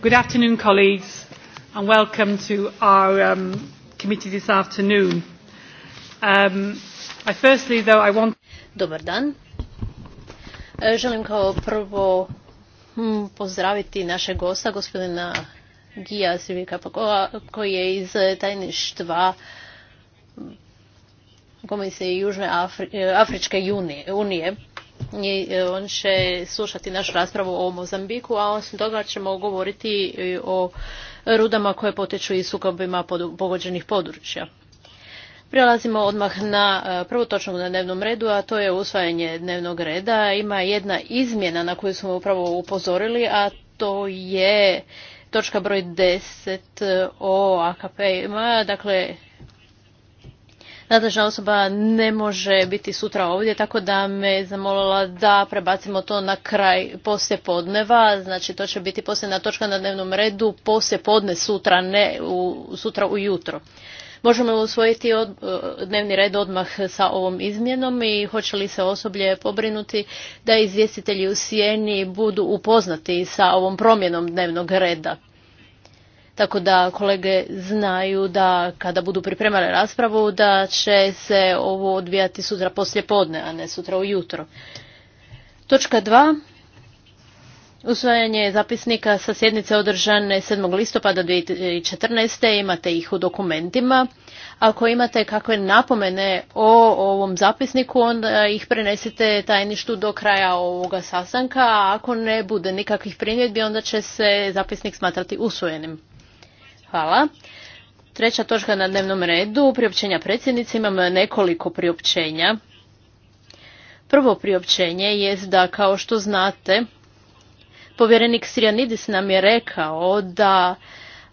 Good afternoon, colleagues, and welcome to our um, committee this afternoon. Um, I firstly, though, I want... Dobar dan. E, želim kao prvo hm, pozdraviti našeg gosta, gospodina Gija Sivika pa koji je iz tajništva Komisije Južne Afri e, Afričke unije unije i e, on će slušati našu raspravu o Mozambiku, a osim toga ćemo govoriti o rudama koje poteču i sukobima pogođenih područja. Prelazimo odmah na e, prvu točku na dnevnom redu, a to je usvajanje dnevnog reda. Ima jedna izmjena na koju smo upravo upozorili, a to je točka broj 10 e, o AKP-ima, dakle nadležna osoba ne može biti sutra ovdje, tako da me zamolila da prebacimo to na kraj poslje podneva, znači to će biti posljedna točka na dnevnom redu poslje podne sutra, ne u, sutra ujutro. Možemo usvojiti e, dnevni red odmah sa ovom izmjenom i hoće li se osoblje pobrinuti da izvjestitelji u sjeni budu upoznati sa ovom promjenom dnevnog reda tako da kolege znaju da kada budu pripremale raspravu da će se ovo odvijati sutra poslje podne, a ne sutra ujutro. Točka 2. Usvajanje zapisnika sa sjednice održane 7. listopada 2014. imate ih u dokumentima. Ako imate kakve napomene o ovom zapisniku, onda ih prenesite tajništu do kraja ovoga sastanka, a ako ne bude nikakvih primjedbi, onda će se zapisnik smatrati usvojenim. Hvala. Treća točka na dnevnom redu, priopćenja predsjednice, Imamo nekoliko priopćenja. Prvo priopćenje je da, kao što znate, povjerenik Sirianidis nam je rekao da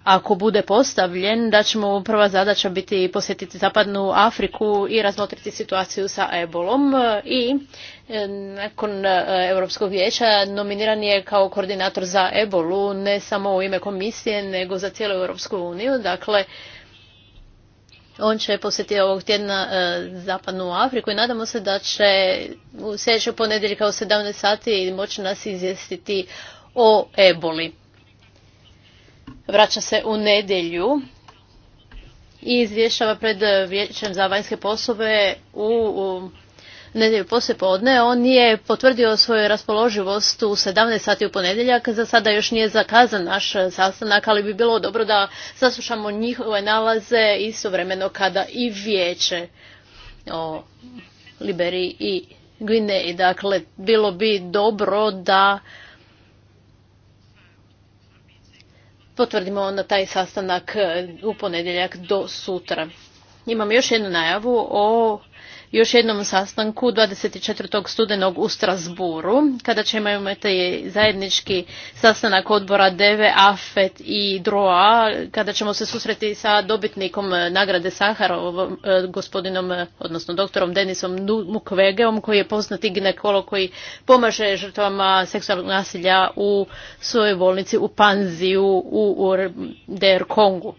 ako bude postavljen, da ćemo prva zadaća biti posjetiti Zapadnu Afriku i razmotriti situaciju sa ebolom i e, nakon e, Europskog vijeća nominiran je kao koordinator za ebolu, ne samo u ime komisije, nego za cijelu Europsku uniju. Dakle, on će posjetiti ovog tjedna e, Zapadnu Afriku i nadamo se da će u sljedećoj ponedjeljka u 17 sati moći nas izvijestiti o eboli vraća se u nedjelju i izvješava pred Vijećem za vanjske poslove u, u nedjelju podne. On je potvrdio svoju raspoloživost u 17 sati u ponedjeljak. Za sada još nije zakazan naš sastanak, ali bi bilo dobro da saslušamo njihove nalaze istovremeno kada i vijeće o Liberiji i Gvineji. Dakle, bilo bi dobro da potvrdimo onda taj sastanak e, u ponedjeljak do sutra. Imam još jednu najavu o još jednom sastanku 24. studenog u Strasburu, kada ćemo imati zajednički sastanak odbora DEVE, AFET i DROA, kada ćemo se susreti sa dobitnikom nagrade Saharovom, e, gospodinom, odnosno doktorom Denisom Mukwegeom, koji je poznati ginekolog koji pomaže žrtvama seksualnog nasilja u svojoj bolnici u Panziju u, u DR Kongu.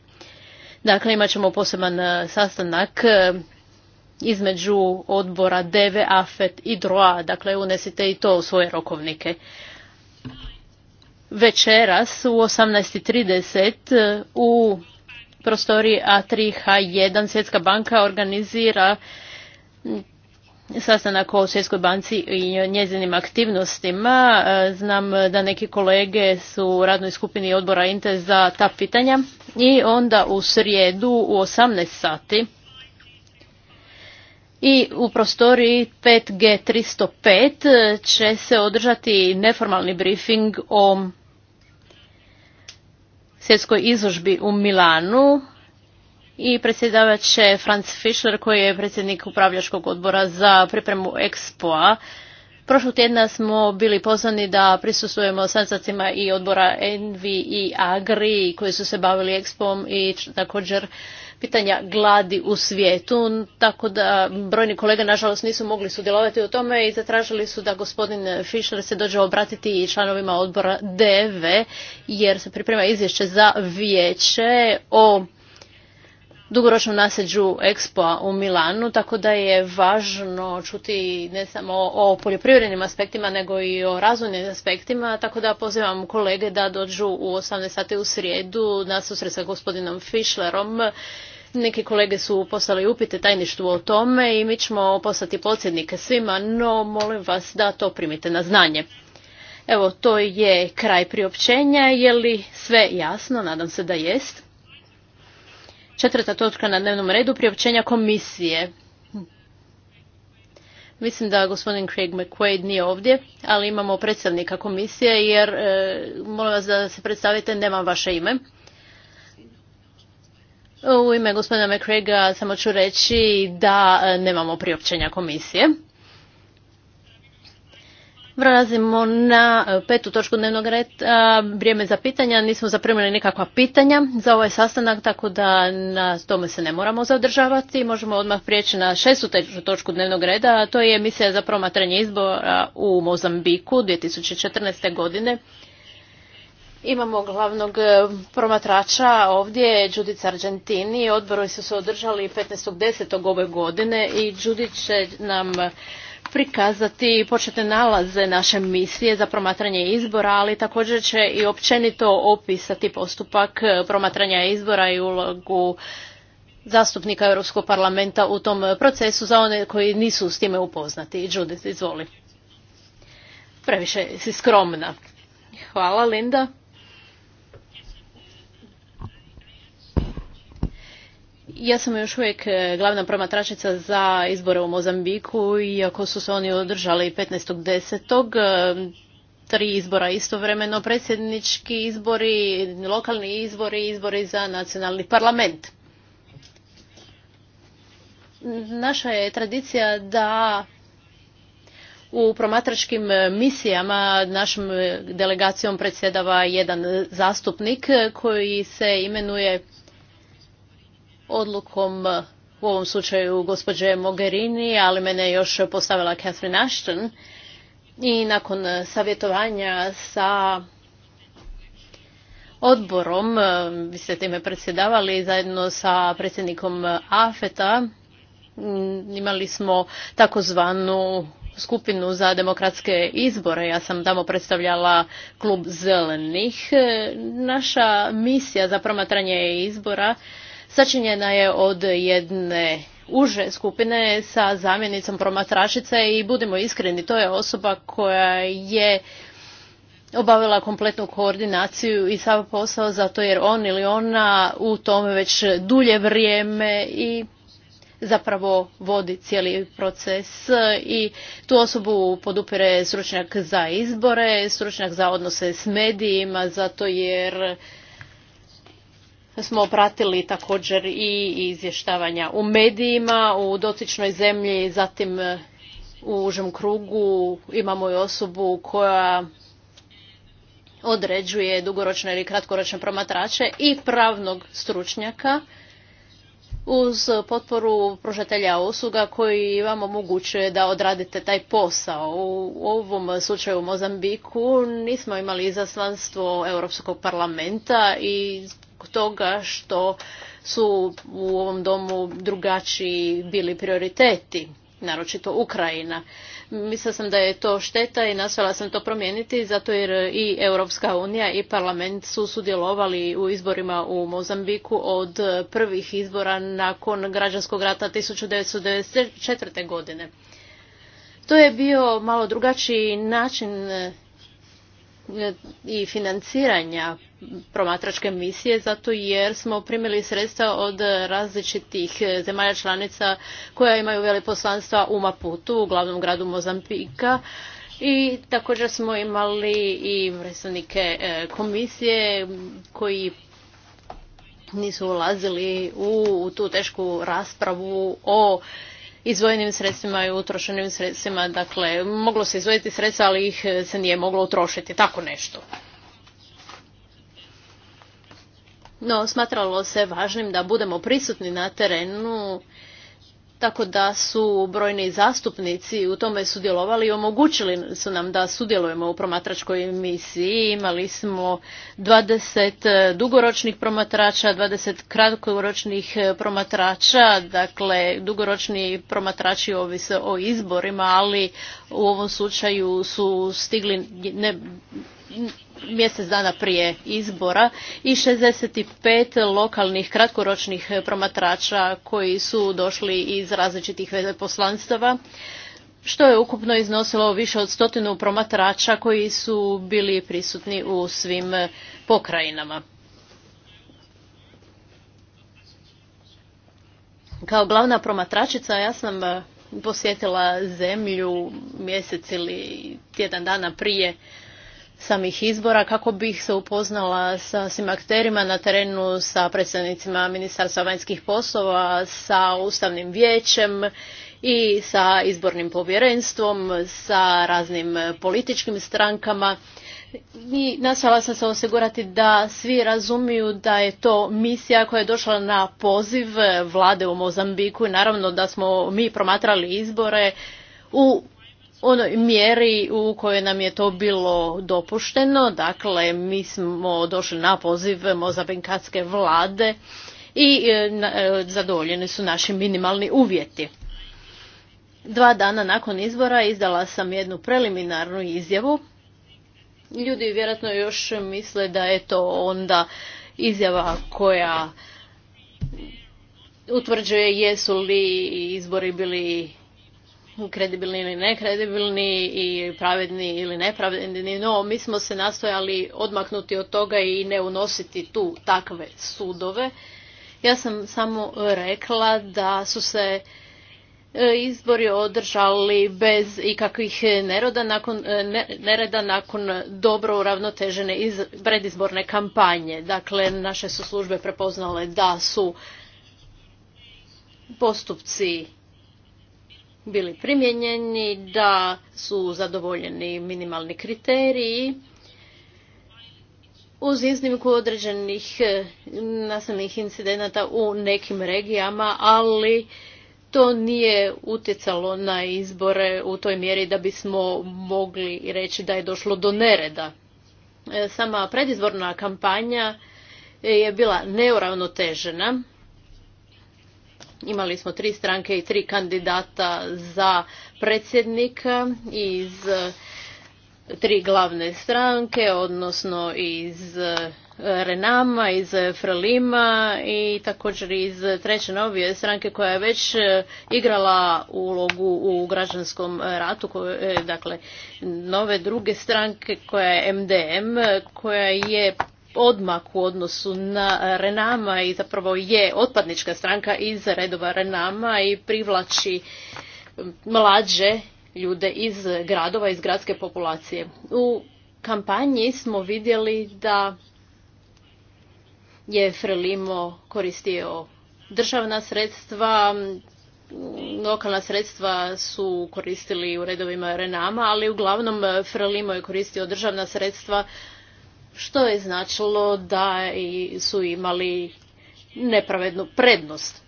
Dakle, imat ćemo poseban e, sastanak e, između odbora DEVE, AFET i DROA. Dakle, unesite i to u svoje rokovnike. Večeras u 18.30 u prostoriji A3H1 Svjetska banka organizira sastanak o Svjetskoj banci i njezinim aktivnostima. Znam da neki kolege su u radnoj skupini odbora INTE za ta pitanja i onda u srijedu u 18 sati i u prostoriji 5G305 će se održati neformalni briefing o svjetskoj izložbi u Milanu i predsjedavat će Franz Fischler koji je predsjednik upravljačkog odbora za pripremu Expoa. Prošlog tjedna smo bili pozvani da prisustujemo sastancima i odbora Envi i Agri koji su se bavili Expom i također pitanja gladi u svijetu, tako da brojni kolege nažalost nisu mogli sudjelovati u tome i zatražili su da gospodin Fischer se dođe obratiti i članovima odbora DV jer se priprema izvješće za vijeće o dugoročnom naseđu Expo u Milanu, tako da je važno čuti ne samo o poljoprivrednim aspektima, nego i o razvojnim aspektima, tako da pozivam kolege da dođu u 18 sati u srijedu na susret sa gospodinom Fischlerom. Neki kolege su poslali upite tajništvu o tome i mi ćemo poslati podsjednike svima, no molim vas da to primite na znanje. Evo, to je kraj priopćenja. Je li sve jasno? Nadam se da jest. Četvrta točka na dnevnom redu, priopćenja komisije. Mislim da gospodin Craig McQuaid nije ovdje, ali imamo predstavnika komisije jer e, molim vas da se predstavite, nemam vaše ime. U ime gospodina McCraiga samo ću reći da e, nemamo priopćenja komisije. Prelazimo na e, petu točku dnevnog reda, vrijeme za pitanja. Nismo zaprimili nikakva pitanja za ovaj sastanak, tako da na tome se ne moramo zadržavati. Možemo odmah prijeći na šestu točku dnevnog reda, a to je emisija za promatranje izbora u Mozambiku 2014. godine. Imamo glavnog e, promatrača ovdje, Đudic Argentini. odboru su se održali 15.10. ove godine i Đudic će nam prikazati početne nalaze naše misije za promatranje izbora, ali također će i općenito opisati postupak promatranja izbora i ulogu zastupnika Europskog parlamenta u tom procesu za one koji nisu s time upoznati. Judith, izvoli. Previše si skromna. Hvala, Linda. Ja sam još uvijek e, glavna promatračica za izbore u Mozambiku, iako su se oni održali 15.10. E, tri izbora istovremeno, predsjednički izbori, lokalni izbori i izbori za nacionalni parlament. Naša je tradicija da u promatračkim misijama našom delegacijom predsjedava jedan zastupnik koji se imenuje odlukom eh, u ovom slučaju gospođe Mogherini, ali mene je još postavila Catherine Ashton. I nakon eh, savjetovanja sa odborom, eh, vi ste time predsjedavali zajedno sa predsjednikom AFETA, mm, imali smo takozvanu skupinu za demokratske izbore. Ja sam tamo predstavljala klub zelenih. Naša misija za promatranje izbora Sačinjena je od jedne uže skupine sa zamjenicom promatračice i budimo iskreni, to je osoba koja je obavila kompletnu koordinaciju i sav posao zato jer on ili ona u tome već dulje vrijeme i zapravo vodi cijeli proces i tu osobu podupire stručnjak za izbore, stručnjak za odnose s medijima zato jer smo pratili također i izvještavanja u medijima u dotičnoj zemlji, zatim e, u užem krugu imamo i osobu koja određuje dugoročne ili kratkoročne promatrače i pravnog stručnjaka uz potporu pružatelja usluga koji vam omogućuje da odradite taj posao. U ovom slučaju u Mozambiku nismo imali izaslanstvo Europskog parlamenta i toga što su u ovom domu drugačiji bili prioriteti, naročito Ukrajina. Mislila sam da je to šteta i nasvala sam to promijeniti zato jer i Europska unija i parlament su sudjelovali u izborima u Mozambiku od prvih izbora nakon građanskog rata 1994. godine. To je bio malo drugačiji način i financiranja promatračke misije zato jer smo primili sredstva od različitih zemalja članica koja imaju veleposlanstva u Maputu, u glavnom gradu Mozampika. I također smo imali i predstavnike e, komisije koji nisu ulazili u tu tešku raspravu o izdvojenim sredstvima i utrošenim sredstvima. Dakle, moglo se izvojiti sredstva, ali ih eh, se nije moglo utrošiti. Tako nešto. No, smatralo se važnim da budemo prisutni na terenu tako da su brojni zastupnici u tome sudjelovali i omogućili su nam da sudjelujemo u promatračkoj misiji. Imali smo 20 dugoročnih promatrača, 20 kratkoročnih promatrača, dakle dugoročni promatrači ovise o izborima, ali u ovom slučaju su stigli ne, mjesec dana prije izbora i 65 lokalnih kratkoročnih promatrača koji su došli iz različitih veleposlanstava što je ukupno iznosilo više od stotinu promatrača koji su bili prisutni u svim pokrajinama. Kao glavna promatračica ja sam eh, posjetila zemlju mjesec ili tjedan dana prije samih izbora kako bih se upoznala sa svim akterima na terenu, sa predstavnicima Ministarstva vanjskih poslova, sa Ustavnim vijećem i sa izbornim povjerenstvom, sa raznim političkim strankama. I nastala sam se osigurati da svi razumiju da je to misija koja je došla na poziv vlade u Mozambiku i naravno da smo mi promatrali izbore u onoj mjeri u kojoj nam je to bilo dopušteno. Dakle, mi smo došli na poziv mozabinkatske vlade i e, e, zadovoljeni su naši minimalni uvjeti. Dva dana nakon izbora izdala sam jednu preliminarnu izjavu. Ljudi vjerojatno još misle da je to onda izjava koja utvrđuje jesu li izbori bili kredibilni ili nekredibilni i pravedni ili nepravedni, no mi smo se nastojali odmaknuti od toga i ne unositi tu takve sudove. Ja sam samo rekla da su se e, izbori održali bez ikakvih neroda nakon, e, nereda nakon dobro uravnotežene iz, predizborne kampanje. Dakle, naše su službe prepoznale da su postupci bili primjenjeni, da su zadovoljeni minimalni kriteriji uz iznimku određenih e, nasilnih incidenata u nekim regijama, ali to nije utjecalo na izbore u toj mjeri da bismo mogli reći da je došlo do nereda. E, sama predizborna kampanja je bila neuravnotežena Imali smo tri stranke i tri kandidata za predsjednika iz eh, tri glavne stranke, odnosno iz eh, Renama, iz eh, Frelima i također iz treće novije stranke koja je već igrala ulogu u građanskom ratu, dakle nove druge stranke koja je MDM, koja je odmak u odnosu na Renama i zapravo je otpadnička stranka iz redova Renama i privlači um, mlađe ljude iz gradova, iz gradske populacije. U kampanji smo vidjeli da je Frelimo koristio državna sredstva, lokalna sredstva su koristili u redovima Renama, ali uglavnom Frelimo je koristio državna sredstva što je značilo da su imali nepravednu prednost.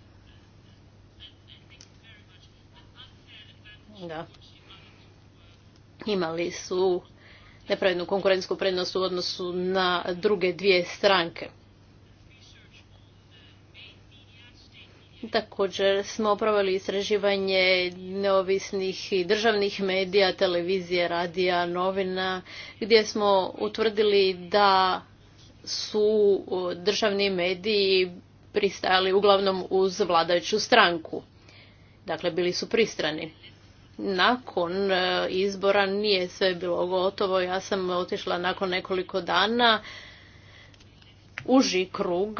Da. Imali su nepravednu konkurentsku prednost u odnosu na druge dvije stranke. Također smo proveli istraživanje neovisnih i državnih medija, televizije, radija, novina, gdje smo utvrdili da su državni mediji pristajali uglavnom uz vladajuću stranku. Dakle, bili su pristrani. Nakon e, izbora nije sve bilo gotovo. Ja sam otišla nakon nekoliko dana uži krug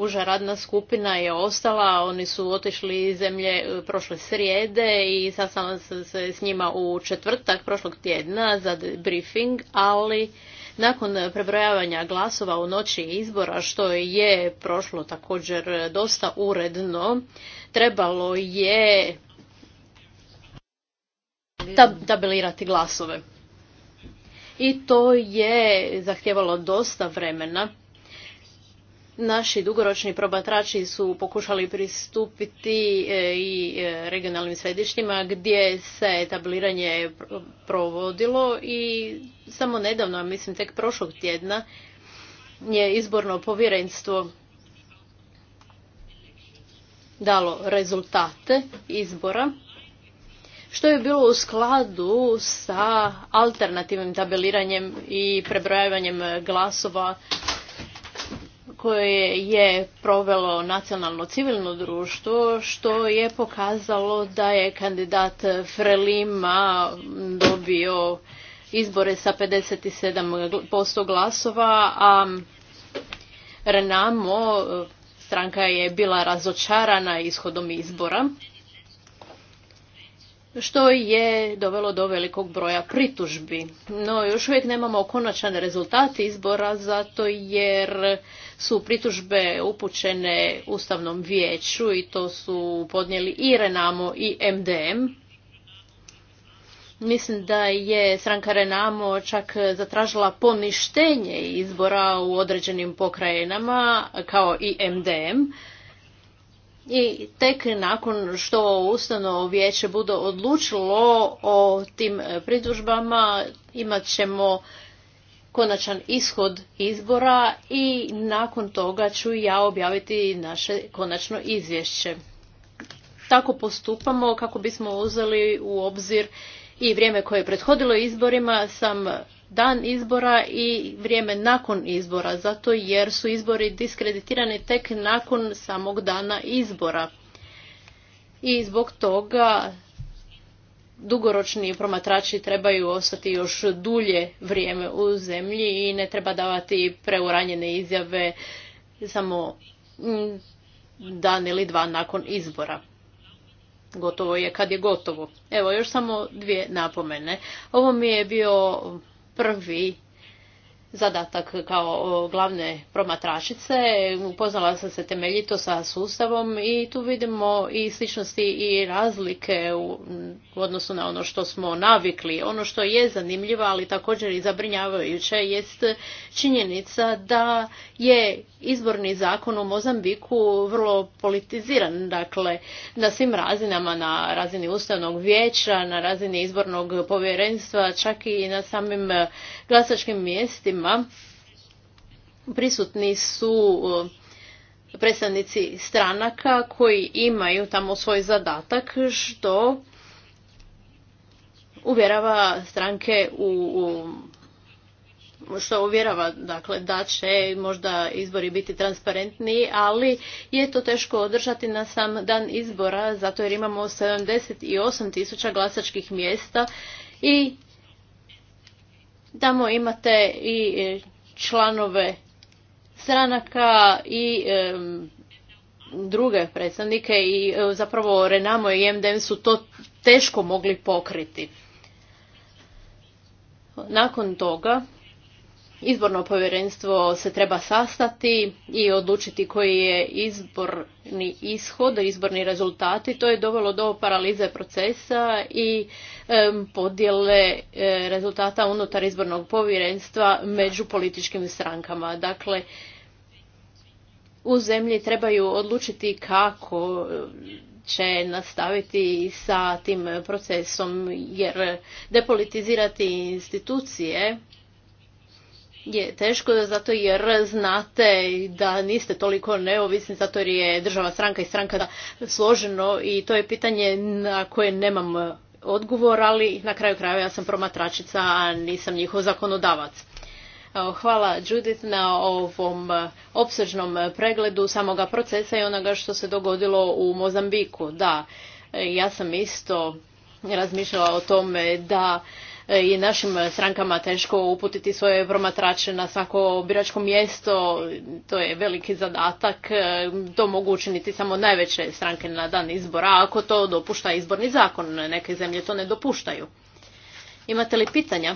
uža radna skupina je ostala, oni su otišli iz zemlje e, prošle srijede i sastala sam se s njima u četvrtak prošlog tjedna za briefing, ali nakon prebrojavanja glasova u noći izbora, što je prošlo također dosta uredno, trebalo je tabelirati glasove. I to je zahtjevalo dosta vremena Naši dugoročni probatrači su pokušali pristupiti e, i e, regionalnim središtima gdje se tabeliranje provodilo i samo nedavno, mislim tek prošlog tjedna, je izborno povjerenstvo dalo rezultate izbora što je bilo u skladu sa alternativnim tabeliranjem i prebrojavanjem glasova koje je provelo nacionalno civilno društvo, što je pokazalo da je kandidat Frelima dobio izbore sa 57% glasova, a Renamo, stranka je bila razočarana ishodom izbora što je dovelo do velikog broja pritužbi. No, još uvijek nemamo konačan rezultat izbora zato jer su pritužbe upućene Ustavnom vijeću i to su podnijeli i Renamo i MDM. Mislim da je stranka Renamo čak zatražila poništenje izbora u određenim pokrajinama kao i MDM i tek nakon što Ustavno vijeće bude odlučilo o tim e, pritužbama imat ćemo konačan ishod izbora i nakon toga ću ja objaviti naše konačno izvješće. Tako postupamo kako bismo uzeli u obzir i vrijeme koje je prethodilo izborima sam dan izbora i vrijeme nakon izbora, zato jer su izbori diskreditirani tek nakon samog dana izbora. I zbog toga dugoročni promatrači trebaju ostati još dulje vrijeme u zemlji i ne treba davati preuranjene izjave samo mm, dan ili dva nakon izbora. Gotovo je kad je gotovo. Evo još samo dvije napomene. Ovo mi je bio prvi zadatak kao glavne promatračice. Upoznala sam se temeljito sa sustavom i tu vidimo i sličnosti i razlike u odnosu na ono što smo navikli. Ono što je zanimljivo, ali također i zabrinjavajuće, jest činjenica da je izborni zakon u Mozambiku vrlo politiziran. Dakle, na svim razinama, na razini ustavnog vijeća, na razini izbornog povjerenstva, čak i na samim glasačkim mjestima prisutni su e, predstavnici stranaka koji imaju tamo svoj zadatak što uvjerava stranke u što uvjerava dakle, da će možda izbori biti transparentniji, ali je to teško održati na sam dan izbora, zato jer imamo 78 tisuća glasačkih mjesta i Tamo imate i e, članove stranaka i e, druge predstavnike i e, zapravo Renamo i MDM su to teško mogli pokriti. Nakon toga izborno povjerenstvo se treba sastati i odlučiti koji je izborni ishod, izborni rezultati. To je dovelo do paralize procesa i podjele e, rezultata unutar izbornog povjerenstva među političkim strankama. Dakle, u zemlji trebaju odlučiti kako će nastaviti sa tim procesom jer depolitizirati institucije je teško zato jer znate da niste toliko neovisni zato jer je država stranka i stranka složeno i to je pitanje na koje nemam odgovor, ali na kraju krajeva ja sam promatračica, a nisam njihov zakonodavac. Hvala Judith na ovom opsežnom pregledu samoga procesa i onoga što se dogodilo u Mozambiku. Da, ja sam isto razmišljala o tome da E, i našim e, strankama teško uputiti svoje promatrače na svako biračko mjesto. To je veliki zadatak. E, to mogu učiniti samo najveće stranke na dan izbora, ako to dopušta izborni zakon. Neke zemlje to ne dopuštaju. Imate li pitanja?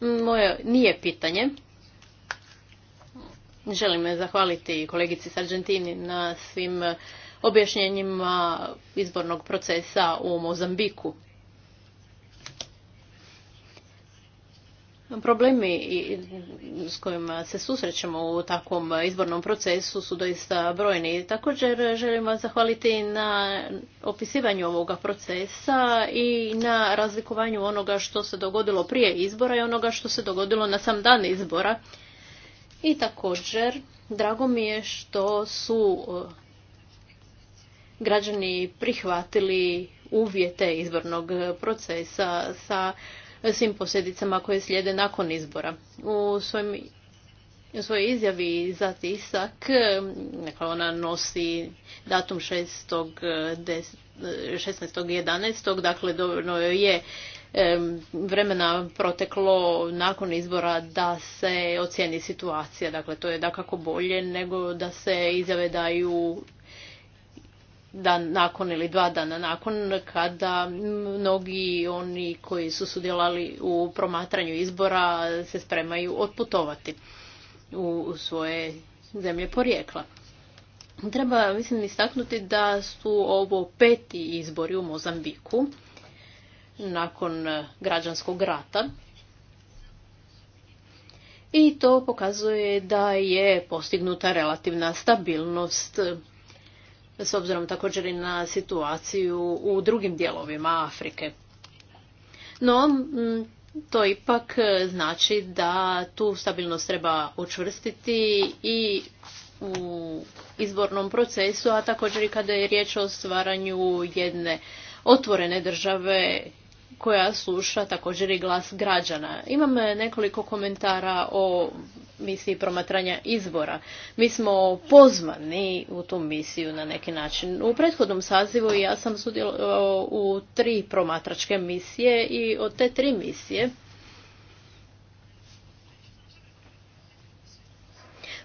Moje nije pitanje. Želim zahvaliti kolegici Sargentini na svim objašnjenjima izbornog procesa u Mozambiku. Problemi s kojima se susrećemo u takvom izbornom procesu su doista brojni. Također želim zahvaliti na opisivanju ovoga procesa i na razlikovanju onoga što se dogodilo prije izbora i onoga što se dogodilo na sam dan izbora i također, drago mi je što su e, građani prihvatili uvjete izbornog procesa sa svim posljedicama koje slijede nakon izbora. U u svojoj izjavi za tisak, dakle ona nosi datum šesnaestjedanaest e, 16. dakle dovoljno je vremena proteklo nakon izbora da se ocijeni situacija. Dakle, to je dakako bolje nego da se izjave daju dan nakon ili dva dana nakon kada mnogi oni koji su sudjelovali u promatranju izbora se spremaju otputovati u svoje zemlje porijekla. Treba, mislim, istaknuti da su ovo peti izbori u Mozambiku nakon e, građanskog rata. I to pokazuje da je postignuta relativna stabilnost e, s obzirom također i na situaciju u drugim dijelovima Afrike. No, to ipak e, znači da tu stabilnost treba učvrstiti i u izbornom procesu, a također i kada je riječ o stvaranju jedne otvorene države koja sluša također i glas građana. Imam e, nekoliko komentara o misiji promatranja izbora. Mi smo pozvani u tu misiju na neki način. U prethodnom sazivu ja sam sudjelovao u tri promatračke misije i od te tri misije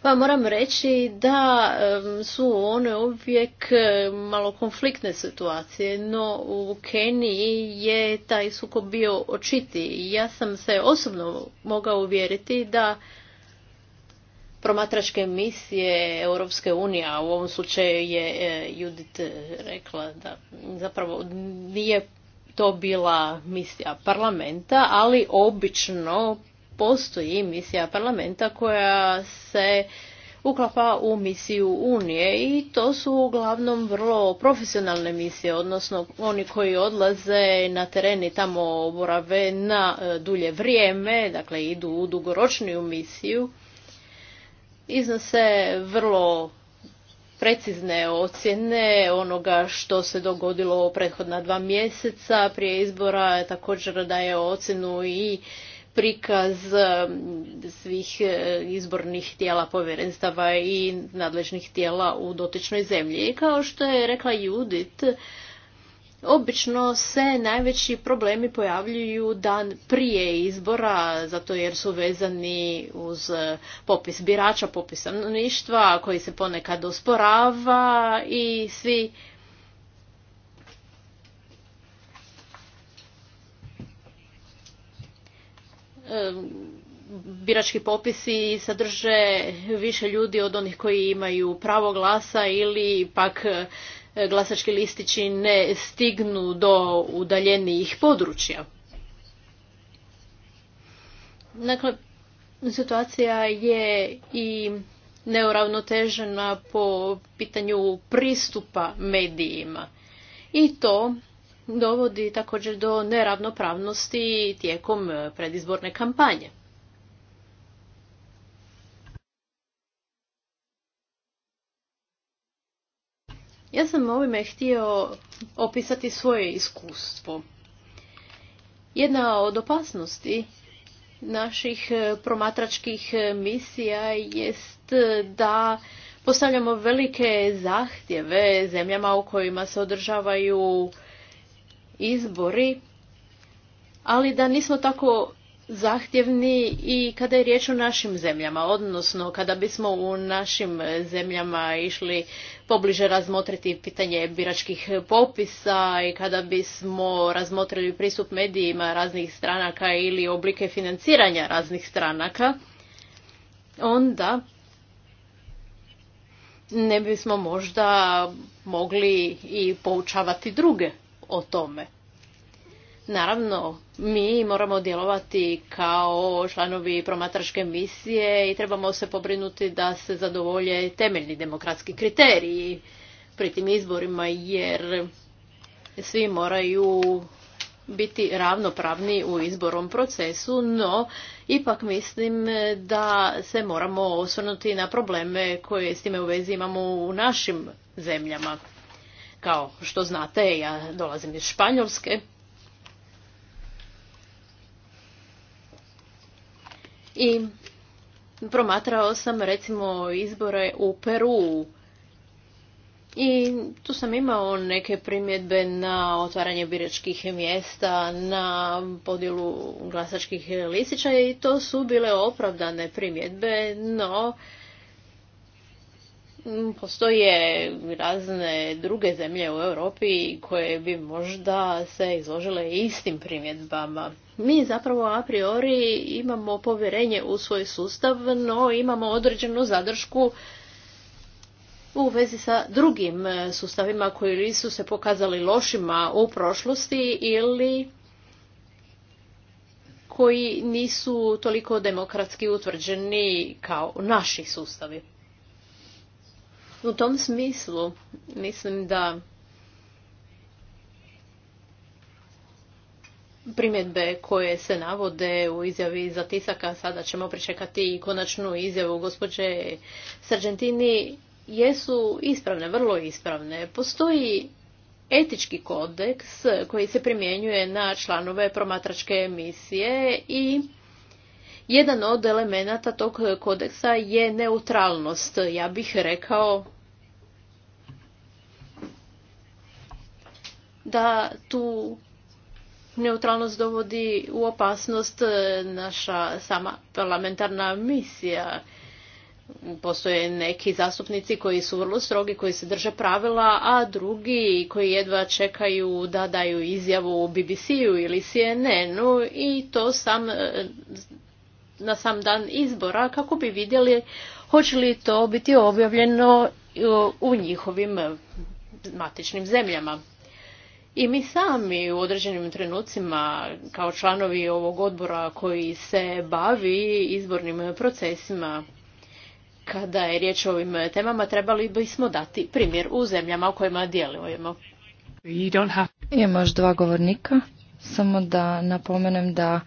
Pa moram reći da su one uvijek malo konfliktne situacije, no u Keniji je taj sukob bio očiti. Ja sam se osobno mogao uvjeriti da promatračke misije Europske unije, a u ovom slučaju je e, Judith rekla da zapravo nije to bila misija parlamenta, ali obično postoji misija parlamenta koja se uklapa u misiju Unije i to su uglavnom vrlo profesionalne misije, odnosno oni koji odlaze na tereni tamo borave na e, dulje vrijeme, dakle idu u dugoročniju misiju, iznose vrlo precizne ocjene onoga što se dogodilo u prethodna dva mjeseca prije izbora, također daje ocjenu i prikaz um, svih e, izbornih tijela povjerenstava i nadležnih tijela u dotičnoj zemlji. I kao što je rekla Judit, Obično se najveći problemi pojavljuju dan prije izbora, zato jer su vezani uz e, popis birača, popis stanovništva koji se ponekad osporava i svi birački popisi sadrže više ljudi od onih koji imaju pravo glasa ili pak e, glasački listići ne stignu do udaljenijih područja. Dakle, situacija je i neuravnotežena po pitanju pristupa medijima. I to dovodi također do neravnopravnosti tijekom predizborne kampanje. Ja sam ovime htio opisati svoje iskustvo. Jedna od opasnosti naših promatračkih misija jest da postavljamo velike zahtjeve zemljama u kojima se održavaju izbori, ali da nismo tako zahtjevni i kada je riječ o našim zemljama, odnosno kada bismo u našim zemljama išli pobliže razmotriti pitanje biračkih popisa i kada bismo razmotrili pristup medijima raznih stranaka ili oblike financiranja raznih stranaka, onda ne bismo možda mogli i poučavati druge o tome. Naravno, mi moramo djelovati kao članovi promatračke misije i trebamo se pobrinuti da se zadovolje temeljni demokratski kriteriji pri tim izborima, jer svi moraju biti ravnopravni u izborom procesu, no ipak mislim da se moramo osvrnuti na probleme koje s time u vezi imamo u našim zemljama. Kao što znate, ja dolazim iz Španjolske. I promatrao sam recimo izbore u Peru. I tu sam imao neke primjedbe na otvaranje biračkih mjesta, na podjelu glasačkih listića i to su bile opravdane primjedbe, no Postoje razne druge zemlje u Europi koje bi možda se izložile istim primjedbama. Mi zapravo a priori imamo povjerenje u svoj sustav, no imamo određenu zadršku u vezi sa drugim e, sustavima koji su se pokazali lošima u prošlosti ili koji nisu toliko demokratski utvrđeni kao naši sustavi. U tom smislu mislim da primjedbe koje se navode u izjavi za tisaka, sada ćemo pričekati i konačnu izjavu gospođe Sargentini, jesu ispravne, vrlo ispravne. Postoji etički kodeks koji se primjenjuje na članove promatračke emisije i jedan od elemenata tog kodeksa je neutralnost. Ja bih rekao da tu neutralnost dovodi u opasnost naša sama parlamentarna misija. Postoje neki zastupnici koji su vrlo strogi, koji se drže pravila, a drugi koji jedva čekaju da daju izjavu BBC-u ili CNN-u i to sam na sam dan izbora kako bi vidjeli hoće li to biti objavljeno e, u njihovim e, matičnim zemljama. I mi sami u određenim trenucima kao članovi ovog odbora koji se bavi izbornim procesima kada je riječ o ovim temama trebali bismo dati primjer u zemljama u kojima djelujemo. Imamo još dva govornika, samo da napomenem da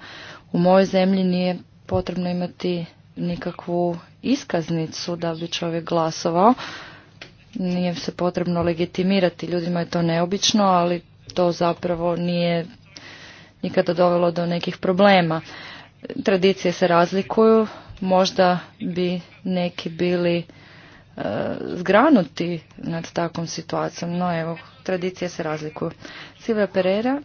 u mojoj zemlji nije potrebno imati nikakvu iskaznicu da bi čovjek glasovao. Nije se potrebno legitimirati, ljudima je to neobično, ali to zapravo nije nikada dovelo do nekih problema. Tradicije se razlikuju, možda bi neki bili e, zgranuti nad takvom situacijom, no evo, tradicije se razlikuju. Silvia Pereira,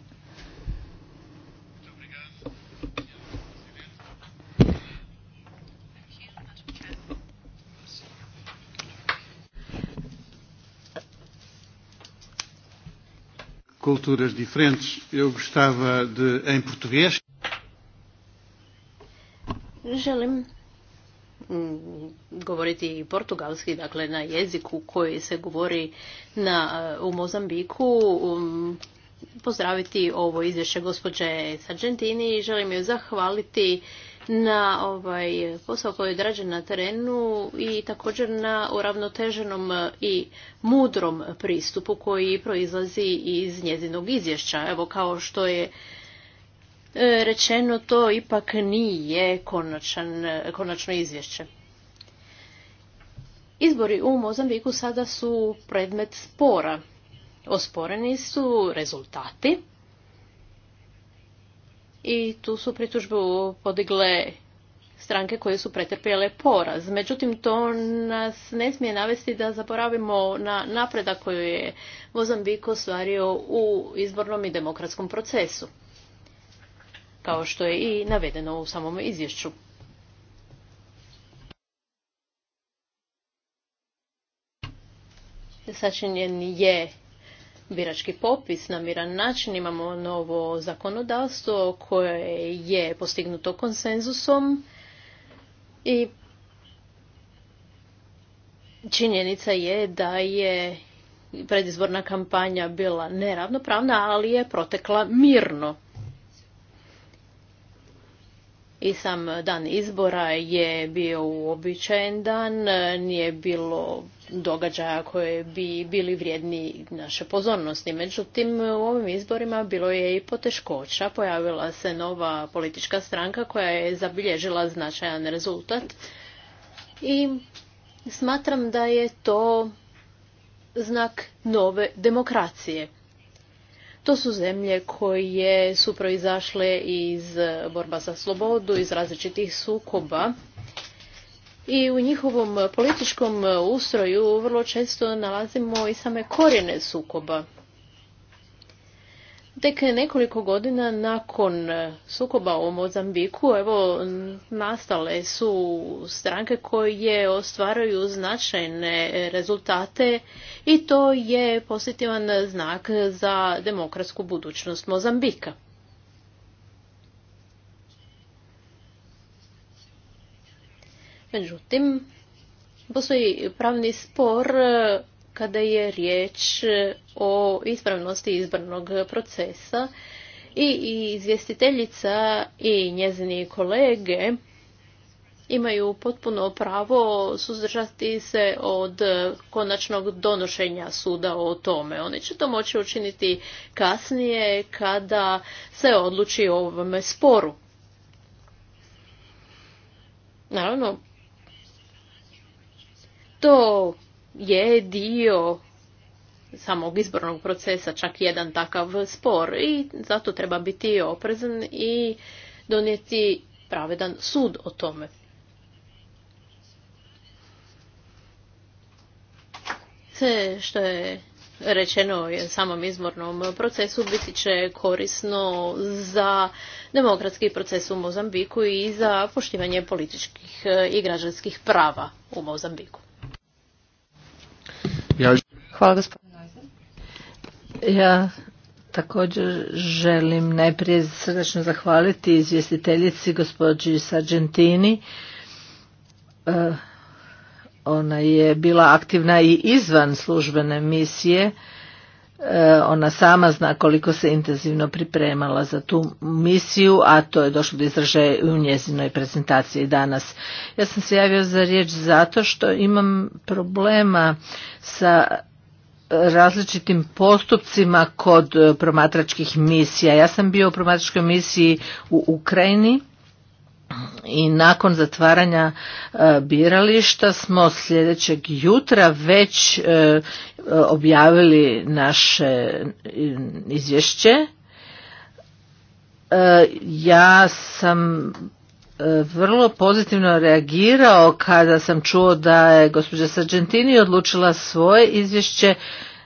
culturas diferentes. Eu gostava de, em português. Želim mm, govoriti portugalski, dakle na jeziku koji se govori na, eh, u Mozambiku. Um, pozdraviti ovo izvješće gospođe Sargentini i želim joj zahvaliti na ovaj posao koji je odrađen na terenu i također na uravnoteženom i mudrom pristupu koji proizlazi iz njezinog izvješća. Evo kao što je e, rečeno to ipak nije konačan, konačno izvješće. Izbori u Mozambiku sada su predmet spora. Osporeni su rezultati i tu su pritužbu podigle stranke koje su pretrpjele poraz. Međutim, to nas ne smije navesti da zaboravimo na napredak koju je Mozambik ostvario u izbornom i demokratskom procesu, kao što je i navedeno u samom izvješću. Sačinjen je birački popis na miran način, imamo novo zakonodavstvo koje je postignuto konsenzusom i činjenica je da je predizborna kampanja bila neravnopravna, ali je protekla mirno i sam dan izbora je bio uobičajen dan, nije bilo događaja koje bi bili vrijedni naše pozornosti. Međutim, u ovim izborima bilo je i poteškoća. Pojavila se nova politička stranka koja je zabilježila značajan rezultat i smatram da je to znak nove demokracije. To su zemlje koje su proizašle iz borba za slobodu, iz različitih sukoba i u njihovom političkom ustroju vrlo često nalazimo i same korijene sukoba. Tek nekoliko godina nakon e, sukoba u Mozambiku, evo, nastale su stranke koje ostvaraju značajne rezultate i to je pozitivan znak za demokratsku budućnost Mozambika. Međutim, postoji pravni spor kada je riječ e, o ispravnosti izbornog procesa i izvjestiteljica i njezini kolege imaju potpuno pravo suzdržati se od konačnog donošenja suda o tome. Oni će to moći učiniti kasnije kada se odluči o ovome sporu. Naravno, to je dio samog izbornog procesa, čak jedan takav spor i zato treba biti oprezan i donijeti pravedan sud o tome. Sve što je rečeno je samom izbornom procesu biti će korisno za demokratski proces u Mozambiku i za poštivanje političkih i građanskih prava u Mozambiku. Hvala gospodine Ja također želim najprije srdačno zahvaliti izvjestiteljici gospođi Sargentini. E, ona je bila aktivna i izvan službene misije. E, ona sama zna koliko se intenzivno pripremala za tu misiju, a to je došlo do izražaja u njezinoj prezentaciji danas. Ja sam se javio za riječ zato što imam problema sa različitim postupcima kod e, promatračkih misija. Ja sam bio u promatračkoj misiji u Ukrajini i nakon zatvaranja e, birališta smo sljedećeg jutra već e, objavili naše izvješće. Ja sam vrlo pozitivno reagirao kada sam čuo da je gospođa Sargentini odlučila svoje izvješće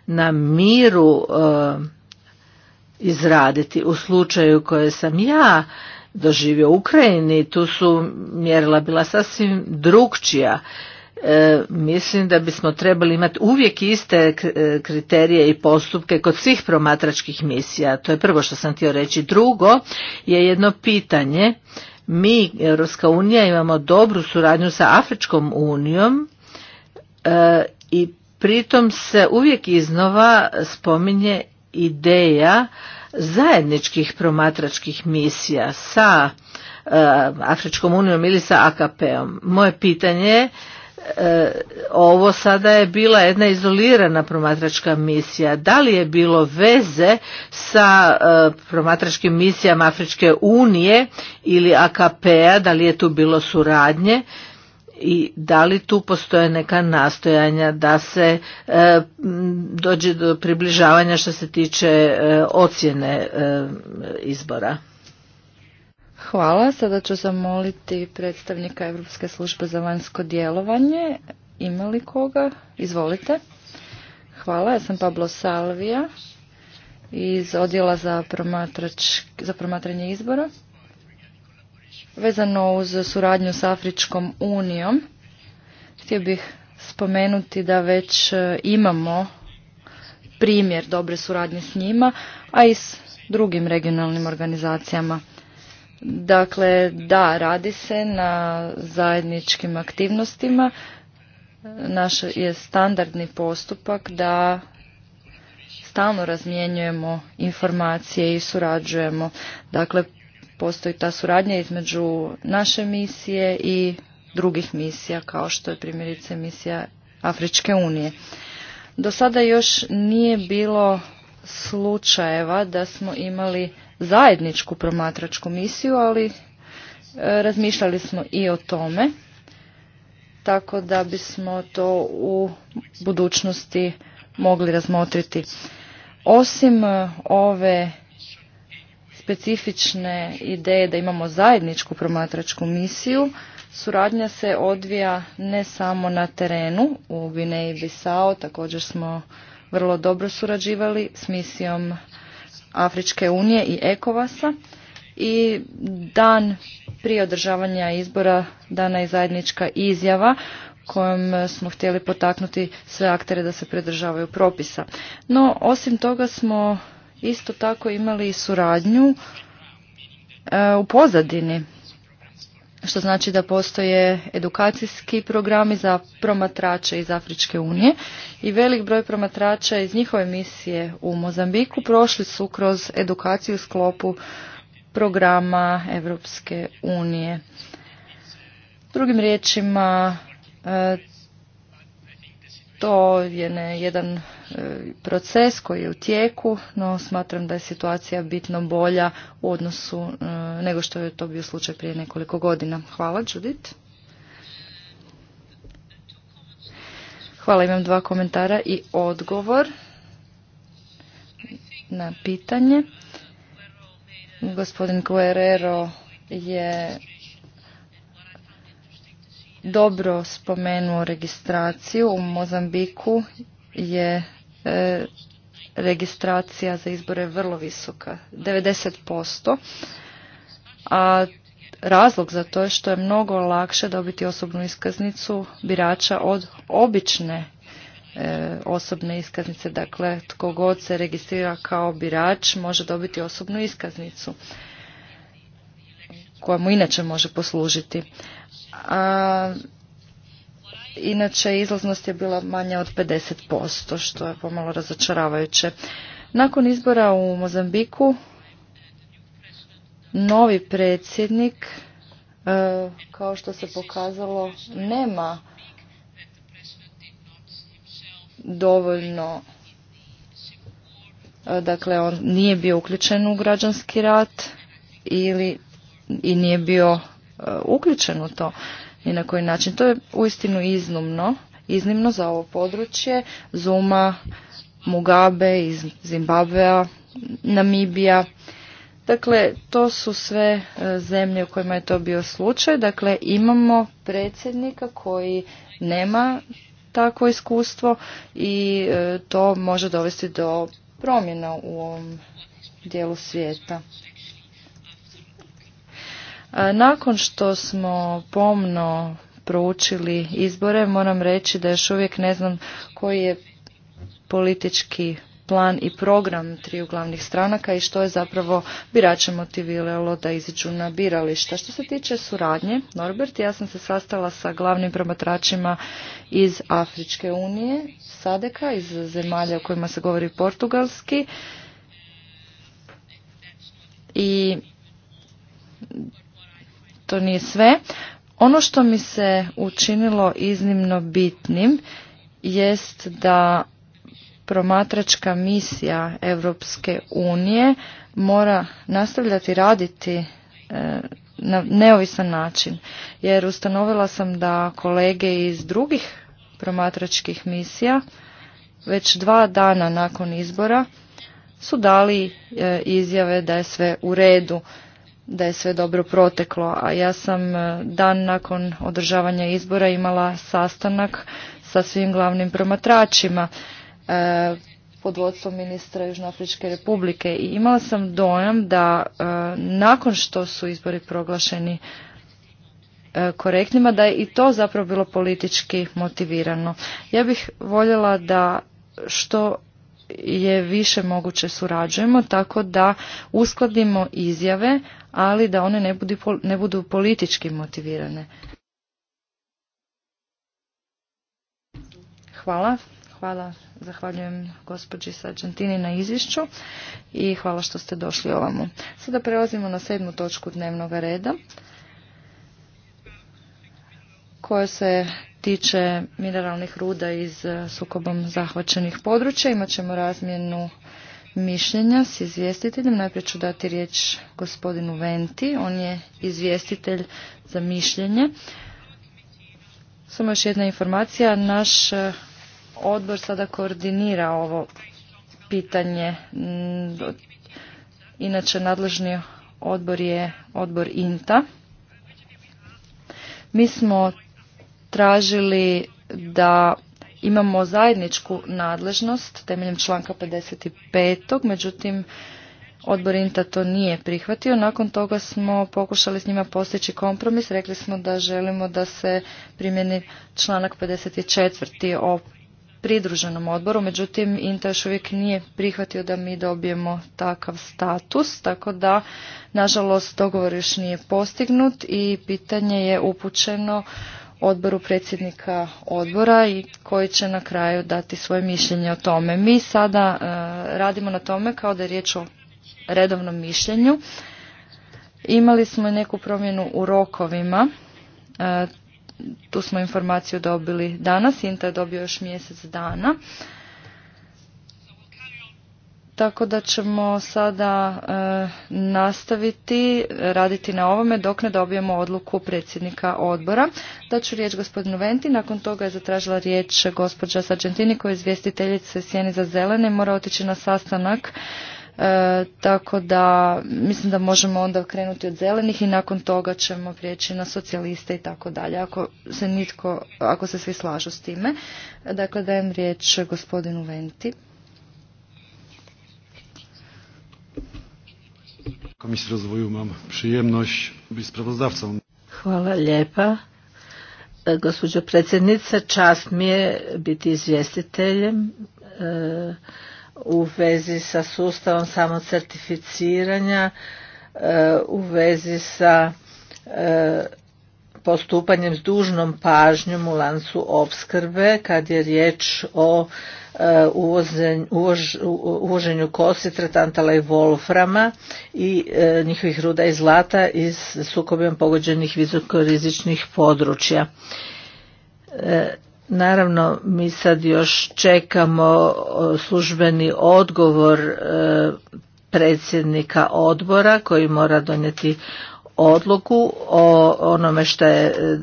na miru eh, izraditi u slučaju koje sam ja doživio u Ukrajini, tu su mjerila bila sasvim drugčija. Eh, mislim da bismo trebali imati uvijek iste eh, kriterije i postupke kod svih promatračkih misija. To je prvo što sam htio reći. Drugo je jedno pitanje mi, Europska unija, imamo dobru suradnju sa Afričkom unijom e, i pritom se uvijek iznova spominje ideja zajedničkih promatračkih misija sa e, Afričkom unijom ili sa AKP-om. Moje pitanje je E, ovo sada je bila jedna izolirana promatračka misija. Da li je bilo veze sa e, promatračkim misijama Afričke unije ili AKP-a, da li je tu bilo suradnje i da li tu postoje neka nastojanja da se e, dođe do približavanja što se tiče ocjene izbora? Hvala. Sada ću zamoliti predstavnika Europske službe za vanjsko djelovanje. Ima li koga? Izvolite. Hvala. Ja sam Pablo Salvija iz odjela za, za promatranje izbora. Vezano uz suradnju s Afričkom unijom, htio bih spomenuti da već e, imamo primjer dobre suradnje s njima, a i s drugim regionalnim organizacijama. Dakle, da, radi se na zajedničkim aktivnostima. Naš je standardni postupak da stalno razmjenjujemo informacije i surađujemo. Dakle, postoji ta suradnja između naše misije i drugih misija, kao što je primjerice misija Afričke unije. Do sada još nije bilo slučajeva da smo imali zajedničku promatračku misiju, ali e, razmišljali smo i o tome, tako da bismo to u budućnosti mogli razmotriti. Osim e, ove specifične ideje da imamo zajedničku promatračku misiju, suradnja se odvija ne samo na terenu u Gvineji Bisao, također smo vrlo dobro surađivali s misijom Afričke unije i Ekovasa i dan prije održavanja izbora dana je zajednička izjava kojom smo htjeli potaknuti sve aktere da se pridržavaju propisa. No, osim toga smo isto tako imali suradnju e, u pozadini što znači da postoje edukacijski programi za promatrače iz Afričke unije i velik broj promatrača iz njihove misije u Mozambiku prošli su kroz edukaciju u sklopu programa Europske unije. Drugim riječima, e, to je ne jedan e, proces koji je u tijeku, no smatram da je situacija bitno bolja u odnosu e, nego što je to bio slučaj prije nekoliko godina. Hvala, Judith. Hvala, imam dva komentara i odgovor na pitanje. Gospodin Guerrero je dobro spomenuo registraciju. U Mozambiku je e, registracija za izbore vrlo visoka, 90%. A razlog za to je što je mnogo lakše dobiti osobnu iskaznicu birača od obične e, osobne iskaznice. Dakle, tko god se registrira kao birač može dobiti osobnu iskaznicu koja mu inače može poslužiti. A, inače, izlaznost je bila manja od 50%, što je pomalo razočaravajuće. Nakon izbora u Mozambiku, novi predsjednik, e, kao što se pokazalo, nema dovoljno e, dakle on nije bio uključen u građanski rat ili i nije bio e, uključen u to i na koji način. To je uistinu iznimno, iznimno za ovo područje. Zuma, Mugabe iz Zimbabvea, Namibija. Dakle, to su sve e, zemlje u kojima je to bio slučaj. Dakle, imamo predsjednika koji nema takvo iskustvo i e, to može dovesti do promjena u ovom dijelu svijeta. Nakon što smo pomno proučili izbore, moram reći da još uvijek ne znam koji je politički plan i program triju glavnih stranaka i što je zapravo birače motiviralo da iziđu na birališta. Što se tiče suradnje, Norbert, ja sam se sastala sa glavnim promatračima iz Afričke unije, Sadeka, iz zemalja u kojima se govori portugalski. I to nije sve. Ono što mi se učinilo iznimno bitnim jest da promatračka misija Europske unije mora nastavljati raditi e, na neovisan način. Jer ustanovila sam da kolege iz drugih promatračkih misija već dva dana nakon izbora su dali e, izjave da je sve u redu da je sve dobro proteklo, a ja sam e, dan nakon održavanja izbora imala sastanak sa svim glavnim promatračima e, pod vodstvom ministra Južnoafričke republike i imala sam dojam da e, nakon što su izbori proglašeni korektnima, da je i to zapravo bilo politički motivirano. Ja bih voljela da što je više moguće surađujemo tako da uskladimo izjave, ali da one ne, ne budu politički motivirane. Hvala. Hvala. Zahvaljujem gospođi sađantini na izvješću i hvala što ste došli ovamo. Sada prelazimo na sedmu točku dnevnog reda koja se tiče mineralnih ruda iz e, sukobom zahvaćenih područja. Imat ćemo razmjenu mišljenja s izvjestiteljem. Najprije ću dati riječ gospodinu Venti. On je izvjestitelj za mišljenje. Samo još jedna informacija. Naš e, odbor sada koordinira ovo pitanje. Mm, inače, nadležni odbor je odbor INTA. Mi smo tražili da imamo zajedničku nadležnost temeljem članka 55. Međutim, odbor INTA to nije prihvatio. Nakon toga smo pokušali s njima postići kompromis. Rekli smo da želimo da se primjeni članak 54. o pridruženom odboru. Međutim, INTA još uvijek nije prihvatio da mi dobijemo takav status. Tako da, nažalost, dogovor još nije postignut i pitanje je upućeno odboru predsjednika odbora i koji će na kraju dati svoje mišljenje o tome. Mi sada e, radimo na tome kao da je riječ o redovnom mišljenju. Imali smo neku promjenu u rokovima. E, tu smo informaciju dobili danas. Inta je dobio još mjesec dana. Tako da ćemo sada e, nastaviti raditi na ovome dok ne dobijemo odluku predsjednika odbora. Da ću riječ gospodinu Venti, nakon toga je zatražila riječ gospođa Sargentini koja je izvjestiteljica Sjeni za zelene i mora otići na sastanak. E, tako da mislim da možemo onda krenuti od zelenih i nakon toga ćemo prijeći na socijaliste i tako dalje ako se nitko, ako se svi slažu s time. Dakle, dajem riječ gospodinu Venti. Komisji rozwoju mam przyjemność być sprawozdawcą. Hvala lijepa. E, gospođo predsjednica, čast mi je biti izvjestiteljem e, u vezi sa sustavom samocertificiranja, e, u vezi sa postupanjem s dužnom pažnjom u lancu opskrbe kad je riječ o Eh, uvoženju kositra, tantala i volframa i eh, njihovih ruda i zlata iz sukobima pogođenih visokorizičnih područja. Eh, naravno, mi sad još čekamo službeni odgovor predsjednika odbora koji mora donijeti odluku o onome što je e,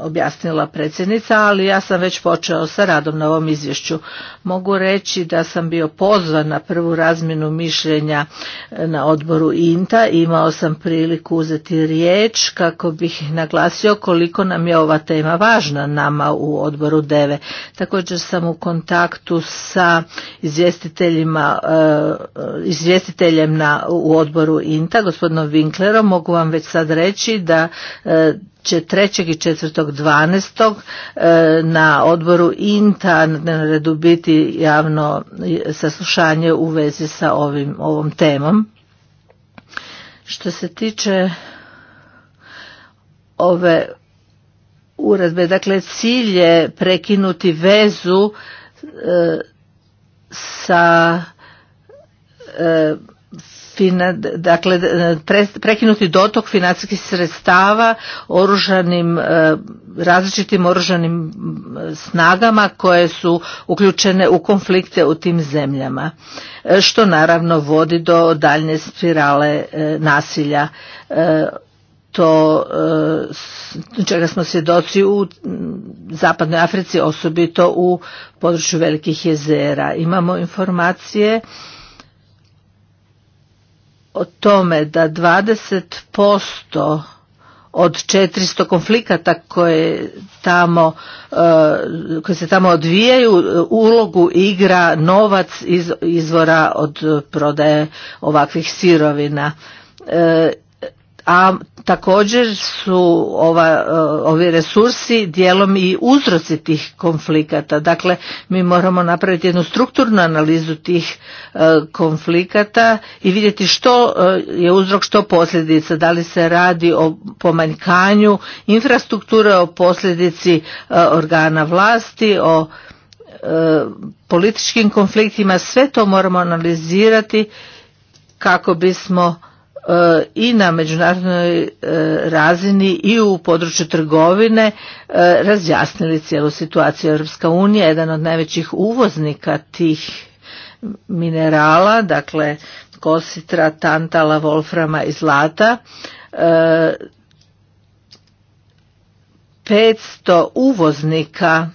objasnila predsjednica, ali ja sam već počeo sa radom na ovom izvješću. Mogu reći da sam bio pozvan na prvu razmjenu mišljenja e, na odboru INTA imao sam priliku uzeti riječ kako bih naglasio koliko nam je ova tema važna nama u odboru DEVE. Također sam u kontaktu sa izvjestiteljima, e, izvjestiteljem na, u odboru INTA, gospodinom Winklerom, mogu vam već sad reći da e, će 3. i 4. 12. E, na odboru INTA na redu biti javno saslušanje u vezi sa ovim, ovom temom. Što se tiče ove uredbe, dakle cilj je prekinuti vezu e, sa dakle prekinuti dotok financijskih sredstava oružanim e, različitim oružanim snagama koje su uključene u konflikte u tim zemljama e, što naravno vodi do daljne spirale e, nasilja to čega smo svjedoci u zapadnoj Africi osobito u području velikih jezera imamo informacije o tome da 20% od 400 konflikata koje tamo e, koji se tamo odvijaju ulogu igra novac iz izvora od prodaje ovakvih sirovina e, a također su ova, e, ovi resursi dijelom i uzroci tih konflikata. Dakle, mi moramo napraviti jednu strukturnu analizu tih e, konflikata i vidjeti što e, je uzrok, što posljedica. Da li se radi o pomanjkanju infrastrukture, o posljedici organa vlasti, o političkim konfliktima. Sve to moramo analizirati kako bismo E, i na međunarodnoj e, razini i u području trgovine e, razjasnili cijelu situaciju. Europska unija jedan od najvećih uvoznika tih minerala, dakle kositra, tantala, wolframa i zlata. 500 uvoznika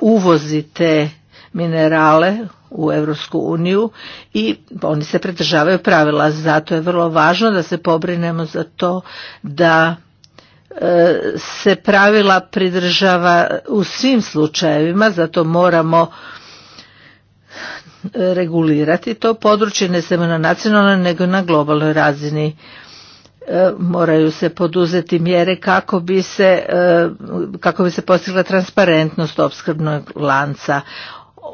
uvozi te minerale u Europsku uniju i oni se pridržavaju pravila. Zato je vrlo važno da se pobrinemo za to da e, se pravila pridržava u svim slučajevima, zato moramo e, regulirati to područje ne samo na nacionalnoj nego na globalnoj razini e, moraju se poduzeti mjere kako bi se, kako bi se postigla transparentnost opskrbnog lanca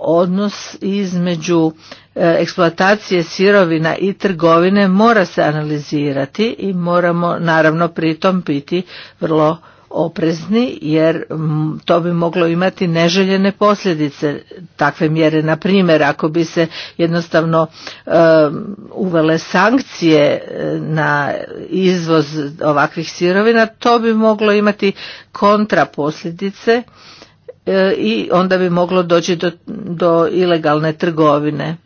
odnos između e, eksploatacije sirovina i trgovine mora se analizirati i moramo naravno pritom biti vrlo oprezni jer to bi moglo imati neželjene posljedice takve mjere na primjer ako bi se jednostavno e, uvele sankcije e, na izvoz ovakvih sirovina to bi moglo imati kontra posljedice E, i onda bi moglo doći do, do ilegalne trgovine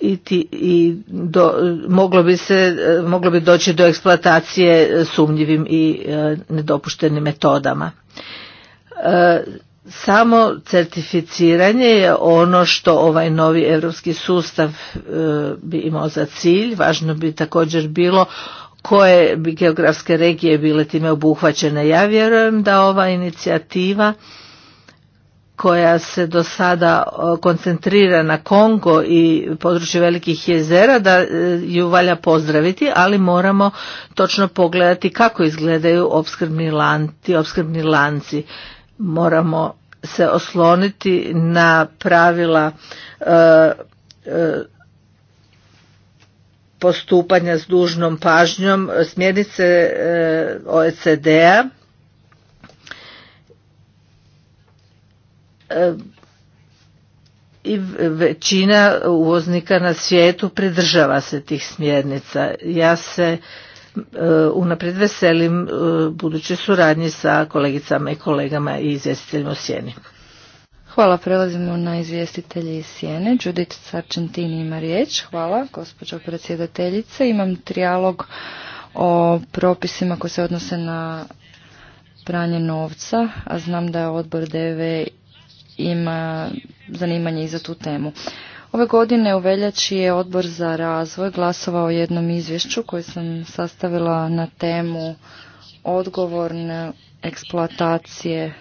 i, i do, moglo, bi se, e, moglo bi doći do eksploatacije sumnjivim i e, nedopuštenim metodama. Samo certificiranje je ono što ovaj novi europski sustav bi imao za cilj. Važno bi također bilo koje bi geografske regije bile time obuhvaćene. Ja vjerujem da ova inicijativa koja se do sada koncentrira na Kongo i područje velikih jezera da e, ju valja pozdraviti, ali moramo točno pogledati kako izgledaju opskrbni lanci, opskrbni lanci. Moramo se osloniti na pravila e, e, postupanja s dužnom pažnjom smjernice OECD-a i većina uvoznika na svijetu pridržava se tih smjernica. Ja se e, unaprijed veselim e, budući suradnje sa kolegicama i kolegama i izvjestiteljima u Sjeni. Hvala, prelazimo na izvjestitelji iz Sjene. Judith Sarčentini ima riječ. Hvala, gospođo predsjedateljice. Imam trijalog o propisima koji se odnose na pranje novca, a znam da je odbor DV ima e, zanimanje i za tu temu. Ove godine u veljači je odbor za razvoj glasovao jednom izvješću koje sam sastavila na temu odgovorne eksploatacije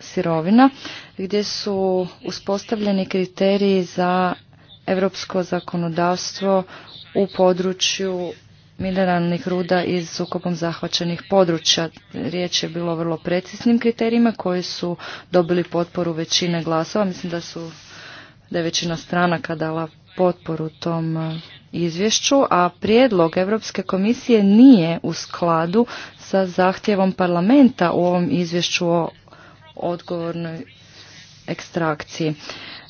sirovina gdje su uspostavljeni kriteriji za europsko zakonodavstvo u području mineralnih ruda iz sukobom zahvaćenih područja. Riječ je bilo o vrlo preciznim kriterijima koji su dobili potporu većine glasova. Mislim da su da je većina stranaka dala potporu tom e, izvješću, a prijedlog Europske komisije nije u skladu sa zahtjevom parlamenta u ovom izvješću o odgovornoj ekstrakciji.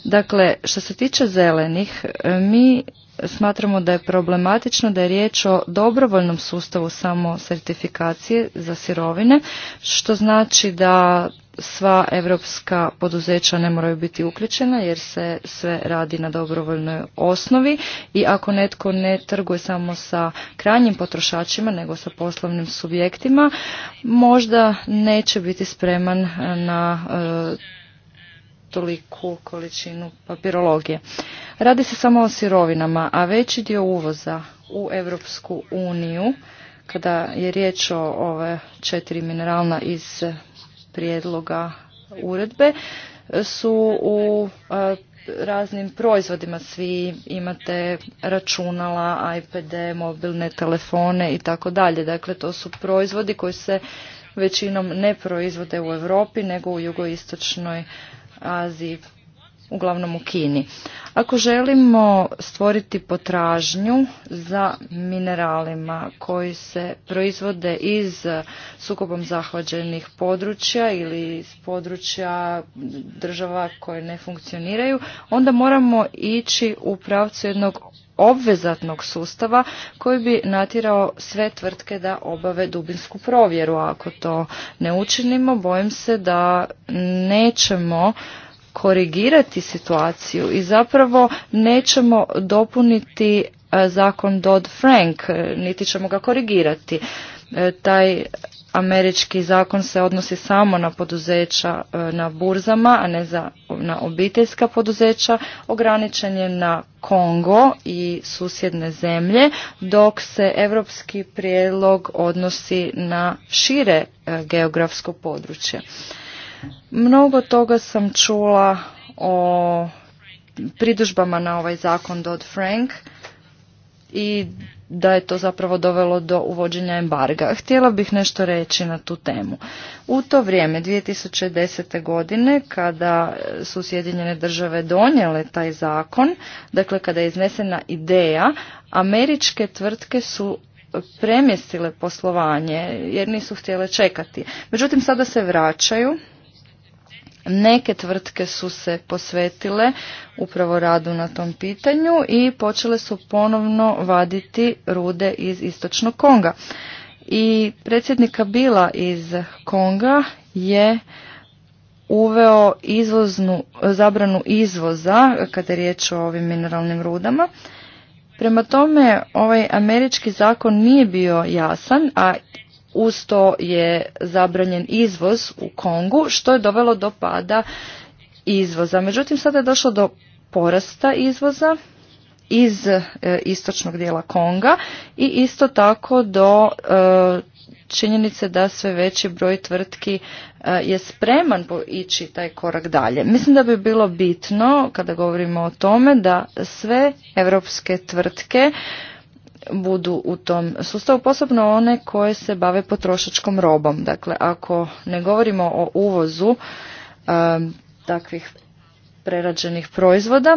Dakle, što se tiče zelenih, e, mi smatramo da je problematično da je riječ o dobrovoljnom sustavu samo certifikacije za sirovine, što znači da sva europska poduzeća ne moraju biti uključena jer se sve radi na dobrovoljnoj osnovi i ako netko ne trguje samo sa krajnjim potrošačima nego sa poslovnim subjektima možda neće biti spreman na e, toliku količinu papirologije. Radi se samo o sirovinama, a veći dio uvoza u Europsku uniju, kada je riječ o ove četiri mineralna iz prijedloga uredbe, su u e, raznim proizvodima svi imate računala, iPD, mobilne telefone i tako dalje. Dakle, to su proizvodi koji se većinom ne proizvode u Europi nego u jugoistočnoj Aziji, uglavnom u Kini. Ako želimo stvoriti potražnju za mineralima koji se proizvode iz sukobom zahvađenih područja ili iz područja država koje ne funkcioniraju, onda moramo ići u pravcu jednog obvezatnog sustava koji bi natirao sve tvrtke da obave dubinsku provjeru. ako to ne učinimo, bojim se da nećemo korigirati situaciju i zapravo nećemo dopuniti e, zakon Dodd-Frank, e, niti ćemo ga korigirati. E, taj američki zakon se odnosi samo na poduzeća e, na burzama, a ne za, na obiteljska poduzeća. Ograničen je na Kongo i susjedne zemlje, dok se europski prijedlog odnosi na šire e, geografsko područje. Mnogo toga sam čula o pridužbama na ovaj zakon Dodd-Frank i da je to zapravo dovelo do uvođenja embarga. Htjela bih nešto reći na tu temu. U to vrijeme, 2010. godine, kada su Sjedinjene države donijele taj zakon, dakle kada je iznesena ideja, američke tvrtke su premjestile poslovanje jer nisu htjele čekati. Međutim, sada se vraćaju Neke tvrtke su se posvetile upravo radu na tom pitanju i počele su ponovno vaditi rude iz istočnog Konga. I predsjednika Bila iz Konga je uveo izvoznu, zabranu izvoza kada je riječ o ovim mineralnim rudama. Prema tome, ovaj američki zakon nije bio jasan, a uz to je zabranjen izvoz u Kongu, što je dovelo do pada izvoza. Međutim, sada je došlo do porasta izvoza iz e, istočnog dijela Konga i isto tako do e, činjenice da sve veći broj tvrtki e, je spreman ići taj korak dalje. Mislim da bi bilo bitno, kada govorimo o tome, da sve europske tvrtke budu u tom sustavu, posebno one koje se bave potrošačkom robom. Dakle, ako ne govorimo o uvozu um, takvih prerađenih proizvoda,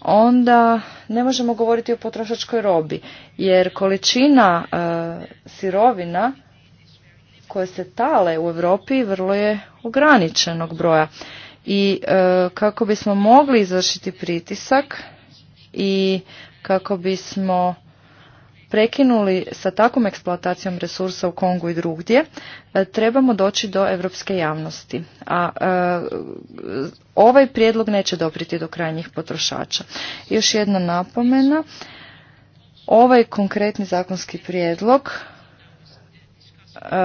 onda ne možemo govoriti o potrošačkoj robi, jer količina uh, sirovina koje se tale u Europi vrlo je ograničenog broja. I uh, kako bismo mogli izvršiti pritisak i kako bismo prekinuli sa takvom eksploatacijom resursa u Kongu i drugdje, e, trebamo doći do evropske javnosti. A e, ovaj prijedlog neće dopriti do krajnjih potrošača. Još jedna napomena. Ovaj konkretni zakonski prijedlog e,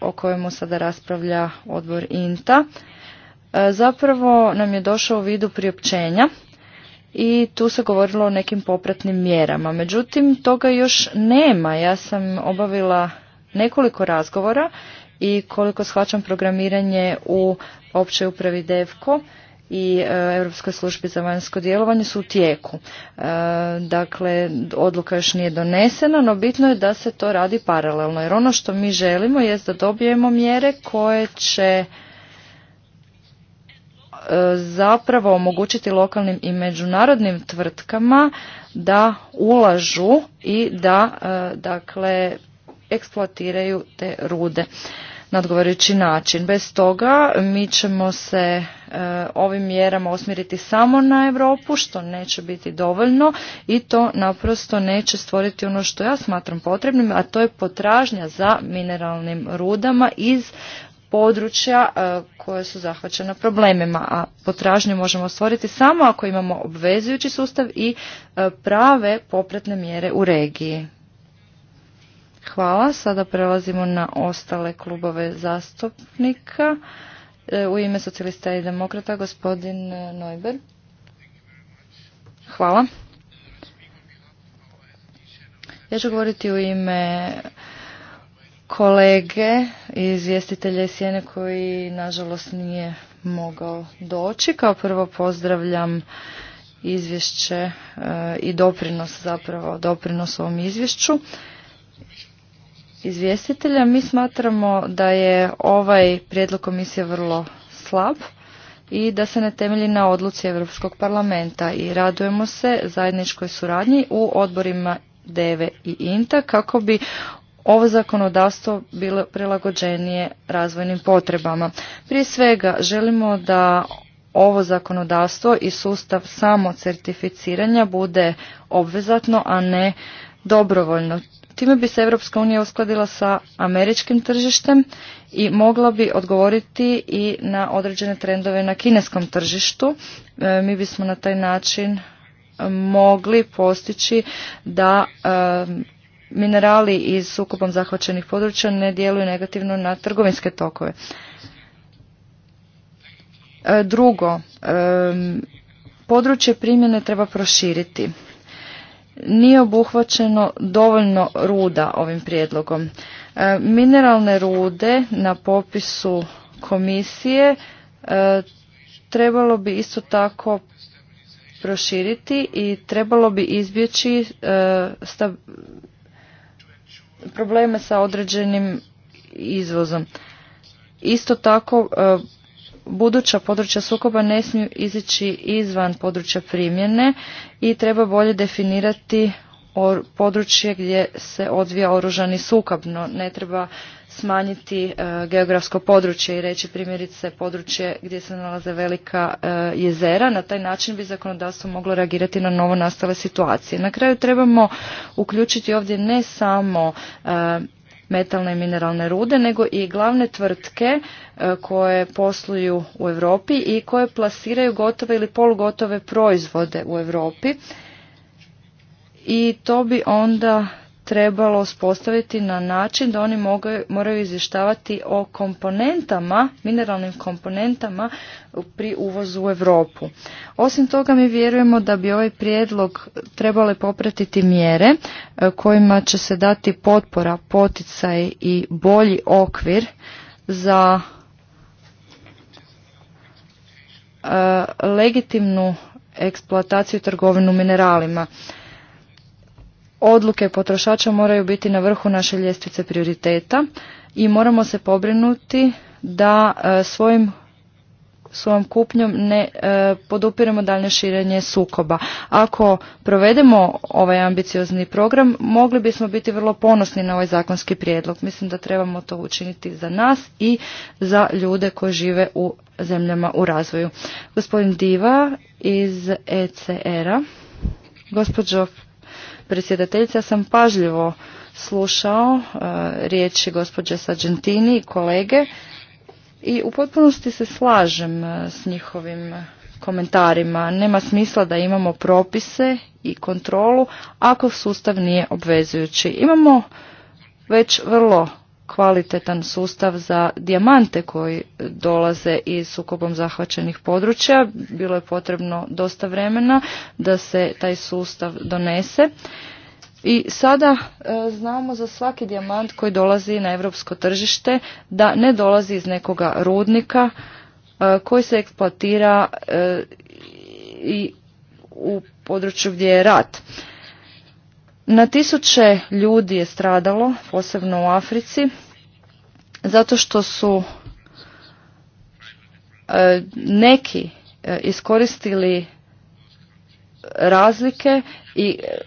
o kojemu sada raspravlja odbor INTA zapravo nam je došao u vidu priopćenja i tu se govorilo o nekim popratnim mjerama. Međutim, toga još nema. Ja sam obavila nekoliko razgovora i koliko shvaćam programiranje u općoj upravi DEVKO i e, Europskoj službi za vanjsko djelovanje su u tijeku. E, dakle, odluka još nije donesena, no bitno je da se to radi paralelno, jer ono što mi želimo je da dobijemo mjere koje će E, zapravo omogućiti lokalnim i međunarodnim tvrtkama da ulažu i da e, dakle eksploatiraju te rude na odgovarajući način. Bez toga mi ćemo se e, ovim mjerama osmiriti samo na Europu što neće biti dovoljno i to naprosto neće stvoriti ono što ja smatram potrebnim, a to je potražnja za mineralnim rudama iz područja e, koje su zahvaćena problemima, a potražnju možemo stvoriti samo ako imamo obvezujući sustav i e, prave popretne mjere u regiji. Hvala. Sada prelazimo na ostale klubove zastupnika. E, u ime socijalista i demokrata gospodin Neuber. Hvala. Ja ću govoriti u ime kolege i izvjestitelje Sjene koji nažalost nije mogao doći. Kao prvo pozdravljam izvješće e, i doprinos zapravo, doprinos ovom izvješću izvjestitelja. Mi smatramo da je ovaj prijedlog komisije vrlo slab i da se ne temelji na odluci Europskog parlamenta i radujemo se zajedničkoj suradnji u odborima DEVE i INTA kako bi ovo zakonodavstvo bilo prilagođenije razvojnim potrebama. Prije svega želimo da ovo zakonodavstvo i sustav samocertificiranja bude obvezatno, a ne dobrovoljno. Time bi se Europska unija uskladila sa američkim tržištem i mogla bi odgovoriti i na određene trendove na kineskom tržištu. E, mi bismo na taj način mogli postići da e, minerali iz sukobom zahvaćenih područja ne djeluju negativno na trgovinske tokove. E, drugo, e, područje primjene treba proširiti. Nije obuhvaćeno dovoljno ruda ovim prijedlogom. E, mineralne rude na popisu komisije trebalo bi isto tako proširiti i trebalo bi izbjeći probleme sa određenim izvozom. Isto tako, e, buduća područja sukoba ne smiju izići izvan područja primjene i treba bolje definirati područje gdje se odvija oružani sukob, no ne treba smanjiti e, geografsko područje i reći primjerice područje gdje se nalaze velika e, jezera. Na taj način bi zakonodavstvo moglo reagirati na novo nastale situacije. Na kraju trebamo uključiti ovdje ne samo e, metalne i mineralne rude, nego i glavne tvrtke koje posluju u Europi i koje plasiraju gotove ili polugotove proizvode u Europi. I to bi onda trebalo uspostaviti na način da oni moraju izvještavati o komponentama, mineralnim komponentama pri uvozu u Europu. Osim toga mi vjerujemo da bi ovaj prijedlog trebale popratiti mjere e, kojima će se dati potpora, poticaj i bolji okvir za e, legitimnu eksploataciju i trgovinu mineralima odluke potrošača moraju biti na vrhu naše ljestvice prioriteta i moramo se pobrinuti da e, svojim svojom kupnjom ne e, podupiremo daljnje širenje sukoba. Ako provedemo ovaj ambiciozni program, mogli bismo biti vrlo ponosni na ovaj zakonski prijedlog. Mislim da trebamo to učiniti za nas i za ljude koji žive u zemljama u razvoju. Gospodin Diva iz ECR-a. Gospođo predsjedateljice. Ja sam pažljivo slušao e, riječi gospođe Sargentini i kolege i u potpunosti se slažem e, s njihovim komentarima. Nema smisla da imamo propise i kontrolu ako sustav nije obvezujući. Imamo već vrlo kvalitetan sustav za dijamante koji dolaze iz sukobom zahvaćenih područja. Bilo je potrebno dosta vremena da se taj sustav donese. I sada e, znamo za svaki dijamant koji dolazi na europsko tržište da ne dolazi iz nekoga rudnika e, koji se eksploatira e, i u području gdje je rat. Na tisuće ljudi je stradalo, posebno u Africi, zato što su e, neki e, iskoristili razlike i e,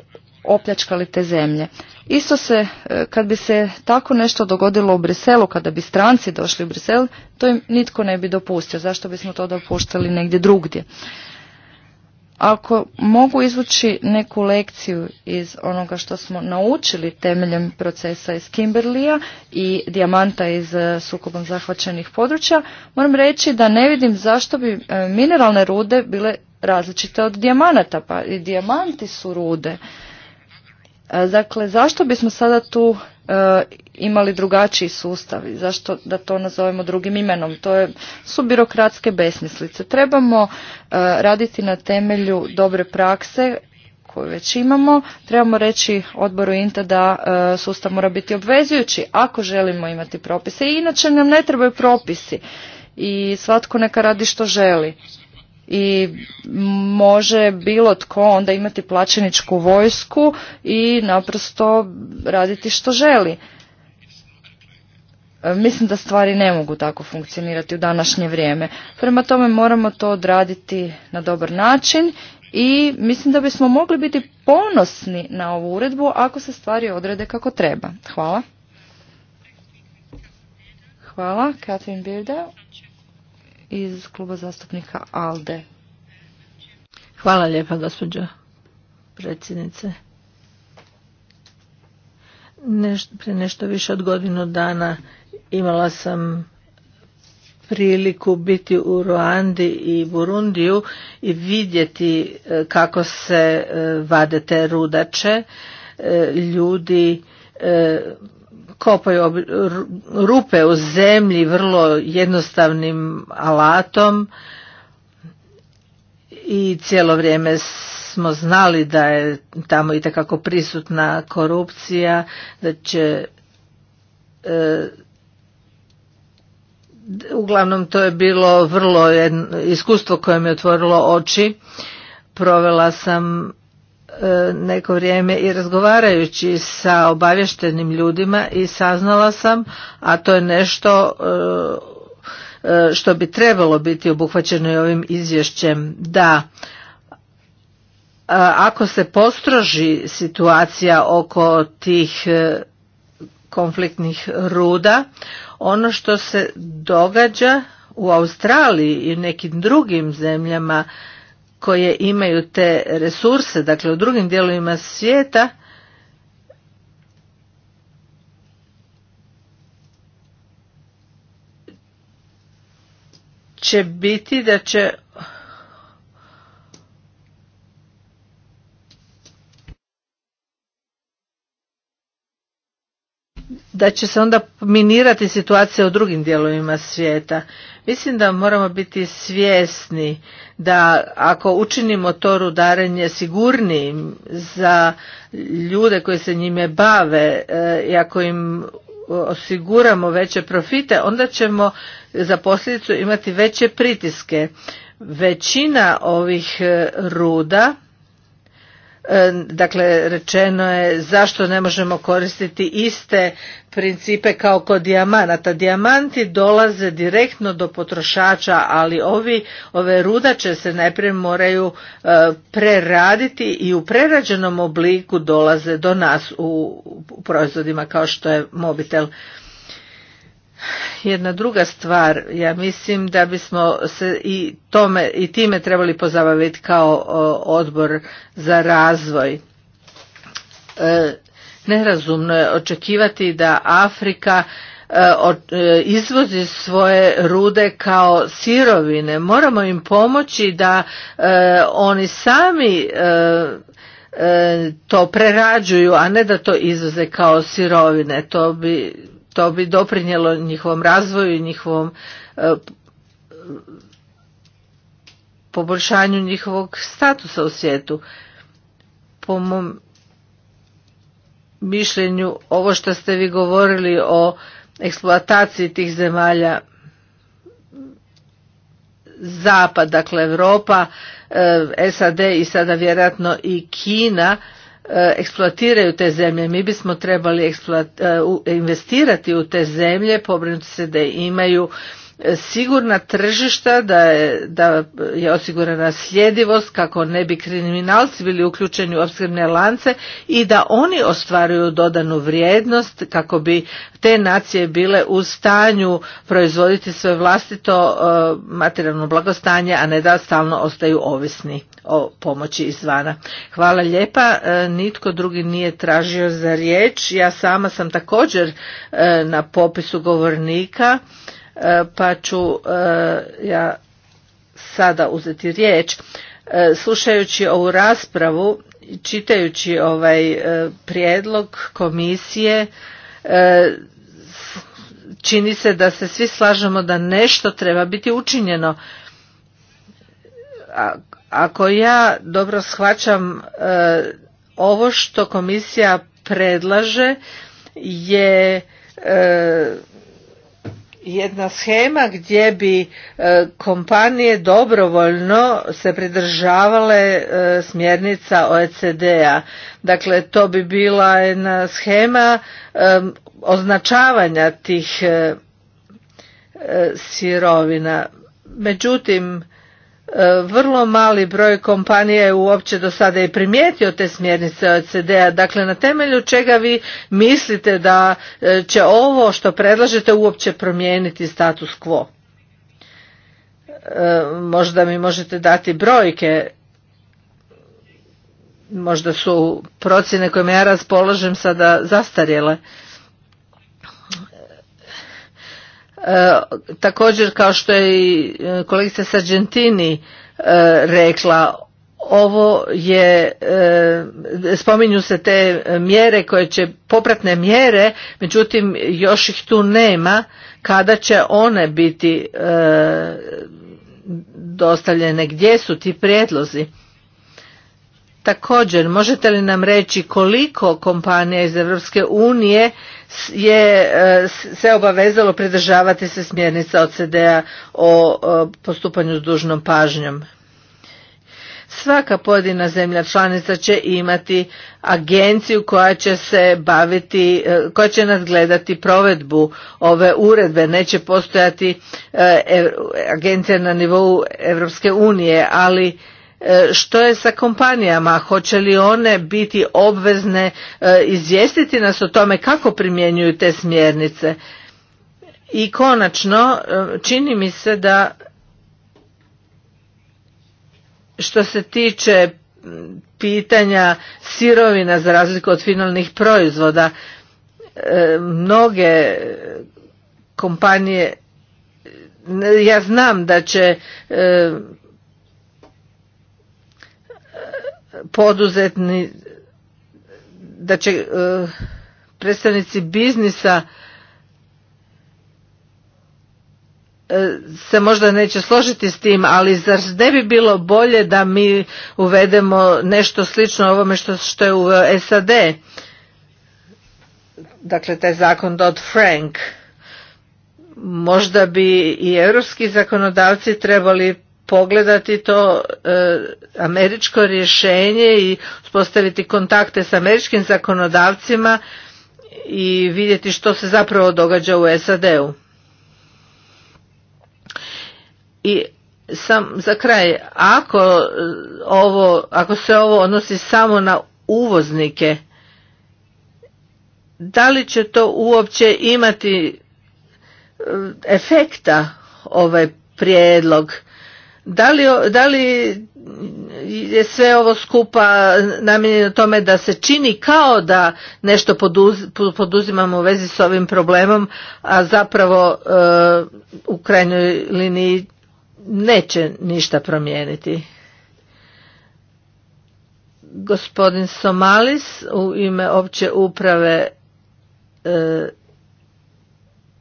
opljačkali te zemlje. Isto se, kad bi se tako nešto dogodilo u Briselu, kada bi stranci došli u Brisel, to im nitko ne bi dopustio. Zašto bismo to dopuštali negdje drugdje? Ako mogu izvući neku lekciju iz onoga što smo naučili temeljem procesa iz Kimberlija i dijamanta iz e, sukobom zahvaćenih područja, moram reći da ne vidim zašto bi e, mineralne rude bile različite od dijamanata, pa i dijamanti su rude. E, dakle, zašto bismo sada tu e, imali drugačiji sustav i zašto da to nazovemo drugim imenom? To je, su birokratske besmislice. Trebamo e, raditi na temelju dobre prakse koju već imamo. Trebamo reći odboru INTA da sustav mora biti obvezujući ako želimo imati propise. I inače nam ne trebaju propisi i svatko neka radi što želi i može bilo tko onda imati plaćeničku vojsku i naprosto raditi što želi. E, mislim da stvari ne mogu tako funkcionirati u današnje vrijeme. Prema tome moramo to odraditi na dobar način i mislim da bismo mogli biti ponosni na ovu uredbu ako se stvari odrede kako treba. Hvala. Hvala, Katrin iz kluba zastupnika ALDE. Hvala lijepa gospođo predsjednice. pre nešto više od godinu dana imala sam priliku biti u Ruandi i Burundiju i vidjeti e, kako se e, vade te rudače. E, ljudi kopaju rupe u zemlji vrlo jednostavnim alatom i cijelo vrijeme smo znali da je tamo i takako prisutna korupcija, da će e, uglavnom to je bilo vrlo iskustvo koje mi je otvorilo oči. Provela sam E, neko vrijeme i razgovarajući sa obavještenim ljudima i saznala sam, a to je nešto e, e, što bi trebalo biti obuhvaćeno i ovim izvješćem, da ako se postroži situacija oko tih konfliktnih ruda, ono što se događa u Australiji i nekim drugim zemljama koje imaju te resurse, dakle u drugim dijelovima svijeta, će biti da će da će se onda minirati situacija u drugim dijelovima svijeta. Mislim da moramo biti svjesni da ako učinimo to rudarenje sigurnijim za ljude koji se njime bave e, i ako im osiguramo veće profite, onda ćemo za posljedicu imati veće pritiske. Većina ovih e, ruda dakle rečeno je zašto ne možemo koristiti iste principe kao kod dijamanata. Dijamanti dolaze direktno do potrošača, ali ovi, ove rudače se najprije moraju e, preraditi i u prerađenom obliku dolaze do nas u proizvodima kao što je mobitel jedna druga stvar, ja mislim da bismo se i tome i time trebali pozabaviti kao odbor za razvoj. E, nerazumno je očekivati da Afrika e, e, izvozi svoje rude kao sirovine. Moramo im pomoći da oni sami to prerađuju, a ne da to izvoze kao sirovine. To bi to bi doprinjelo njihovom razvoju i njihovom e, poboljšanju njihovog statusa u svijetu. Po mom mišljenju ovo što ste vi govorili o eksploataciji tih zemalja zapad, dakle Europa, e, SAD i sada vjerojatno i Kina Eh, eksploatiraju te zemlje. Mi bismo trebali eh, investirati u te zemlje, pobrinuti se da imaju sigurna tržišta, da je, da je osigurana sljedivost kako ne bi kriminalci bili uključeni u opskrbne lance i da oni ostvaruju dodanu vrijednost kako bi te nacije bile u stanju proizvoditi svoje vlastito e, materijalno blagostanje, a ne da stalno ostaju ovisni o pomoći izvana. Hvala lijepa, e, nitko drugi nije tražio za riječ, ja sama sam također e, na popisu govornika. E, pa ću e, ja sada uzeti riječ. E, slušajući ovu raspravu, čitajući ovaj prijedlog komisije, čini se da se svi slažemo da nešto treba biti učinjeno. Ako ja dobro shvaćam ovo što komisija predlaže je jedna schema gdje bi e, kompanije dobrovoljno se pridržavale e, smjernica OECD-a. Dakle, to bi bila jedna schema e, označavanja tih sirovina. Međutim, E, vrlo mali broj kompanija je uopće do sada i primijetio te smjernice OECD-a. Dakle, na temelju čega vi mislite da e, će ovo što predlažete uopće promijeniti status quo? E, možda mi možete dati brojke, možda su procjene kojima ja raspoložem sada zastarjele. E, također kao što je i e, kolegica Sargentini e, rekla, ovo je, spominju se te mjere koje će, popratne mjere, međutim još ih tu nema, kada će one biti dostavljene, gdje su ti prijedlozi. Također, možete li nam reći koliko kompanija iz Europske unije je e, se obavezalo pridržavati se smjernica OCD-a o e, postupanju s dužnom pažnjom? Svaka pojedina zemlja članica će imati agenciju koja će se baviti, e, koja će nadgledati provedbu ove uredbe. Neće postojati agencija na nivou Europske unije, ali E, što je sa kompanijama hoće li one biti obvezne e, izvijestiti nas o tome kako primjenjuju te smjernice i konačno e, čini mi se da što se tiče pitanja sirovina za razliku od finalnih proizvoda mnoge kompanije ja znam da će poduzetni da će e, predstavnici biznisa e, se možda neće složiti s tim, ali zar ne bi bilo bolje da mi uvedemo nešto slično ovome što, što je u SAD? Dakle, taj zakon Dodd-Frank. Možda bi i europski zakonodavci trebali pogledati to e, američko rješenje i uspostaviti kontakte s američkim zakonodavcima i vidjeti što se zapravo događa u SAD-u. I sam za kraj, ako e, ovo, ako se ovo odnosi samo na uvoznike, da li će to uopće imati e, efekta ovaj prijedlog? Da li, da li je sve ovo skupa namijenjeno tome da se čini kao da nešto poduzimamo u vezi s ovim problemom, a zapravo e, u krajnjoj liniji neće ništa promijeniti? Gospodin Somalis u ime opće uprave e,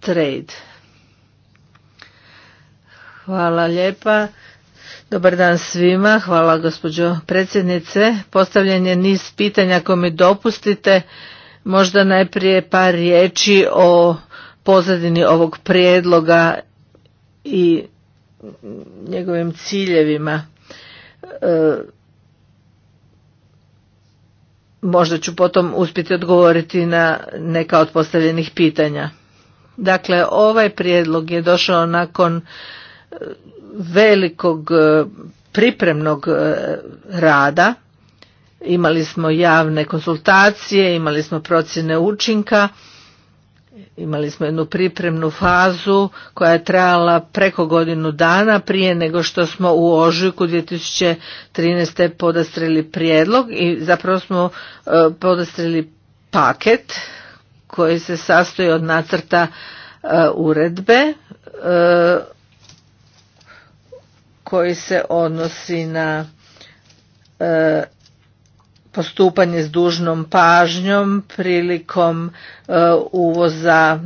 Trade. Hvala lijepa. Dobar dan svima, hvala gospođo predsjednice. Postavljen je niz pitanja ako mi dopustite, možda najprije par riječi o pozadini ovog prijedloga i njegovim ciljevima. E, možda ću potom uspjeti odgovoriti na neka od postavljenih pitanja. Dakle, ovaj prijedlog je došao nakon velikog e, pripremnog e, rada. Imali smo javne konsultacije, imali smo procjene učinka, imali smo jednu pripremnu fazu koja je trajala preko godinu dana prije nego što smo u ožujku 2013. podastrili prijedlog i zapravo smo e, podastrili paket koji se sastoji od nacrta uredbe koji se odnosi na e, postupanje s dužnom pažnjom prilikom e, uvoza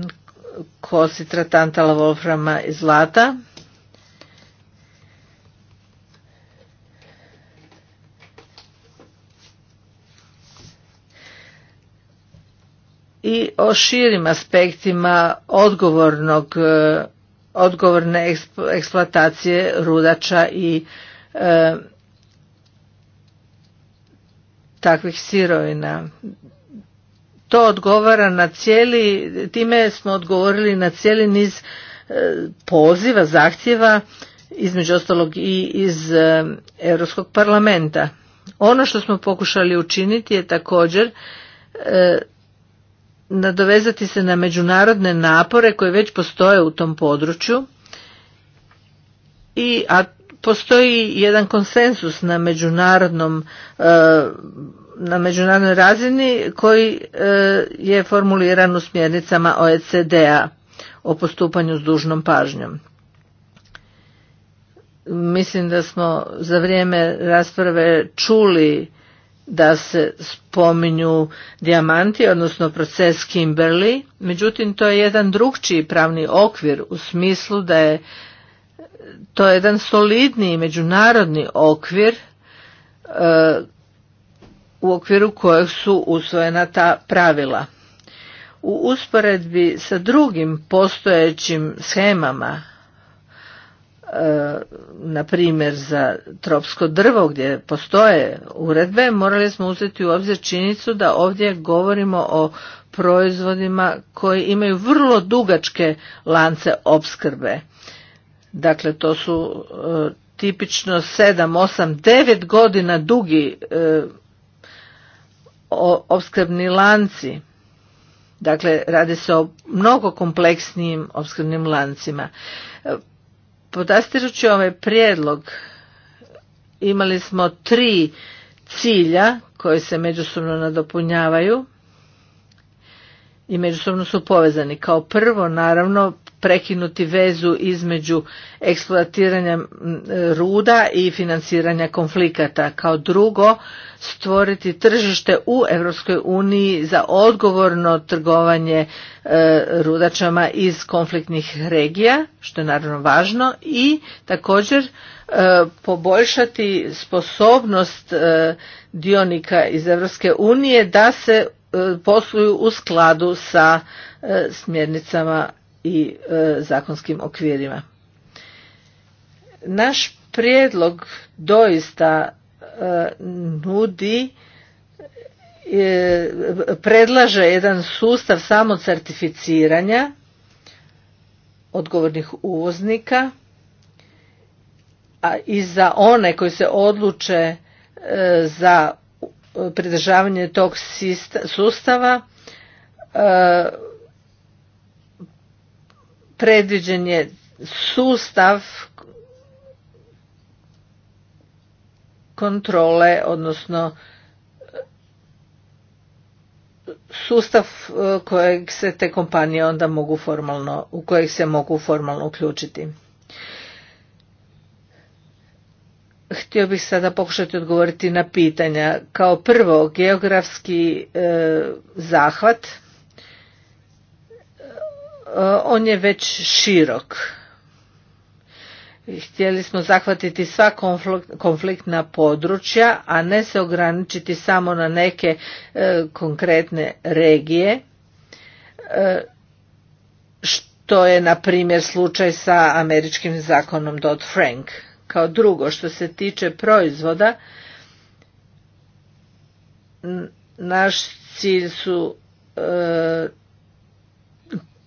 kositra, tantala, volframa i zlata. I o širim aspektima odgovornog e, odgovorne eksploatacije rudača i e, takvih sirovina. To odgovara na cijeli, time smo odgovorili na cijeli niz e, poziva, zahtjeva, između ostalog i iz e, Europskog parlamenta. Ono što smo pokušali učiniti je također nadovezati se na međunarodne napore koje već postoje u tom području i a postoji jedan konsensus na međunarodnom e, na međunarodnoj razini koji e, je formuliran u smjernicama OECD-a o postupanju s dužnom pažnjom. Mislim da smo za vrijeme rasprave čuli da se spominju dijamanti, odnosno proces Kimberley, međutim to je jedan drugčiji pravni okvir u smislu da je to jedan solidniji međunarodni okvir e, u okviru kojeg su usvojena ta pravila. U usporedbi sa drugim postojećim schemama na primjer za tropsko drvo gdje postoje uredbe, morali smo uzeti u obzir činjenicu da ovdje govorimo o proizvodima koji imaju vrlo dugačke lance opskrbe. Dakle, to su e, tipično 7, 8, 9 godina dugi e, opskrbni lanci. Dakle, radi se o mnogo kompleksnijim opskrbnim lancima. Podastirući ovaj prijedlog imali smo tri cilja koji se međusobno nadopunjavaju i međusobno su povezani. Kao prvo, naravno, prekinuti vezu između eksploatiranja ruda i financiranja konflikata. Kao drugo, stvoriti tržište u Europskoj uniji za odgovorno trgovanje e, rudačama iz konfliktnih regija, što je naravno važno, i također e, poboljšati sposobnost e, dionika iz Europske unije da se posluju u skladu sa smjernicama i e, zakonskim okvirima. Naš prijedlog doista e, nudi e, predlaže jedan sustav samocertificiranja odgovornih uvoznika a i za one koji se odluče za pridržavanje tog sustava predviđen je sustav kontrole, odnosno sustav e, kojeg se te kompanije onda mogu formalno, u kojeg se mogu formalno uključiti. Htio bih sada pokušati odgovoriti na pitanja. Kao prvo, geografski e, zahvat – Eh, on je već širok. Htjeli smo zahvatiti sva konfliktna područja, a ne se ograničiti samo na neke eh, konkretne regije, eh, što je na primjer slučaj sa američkim zakonom Dodd-Frank. Kao drugo, što se tiče proizvoda, naš cilj su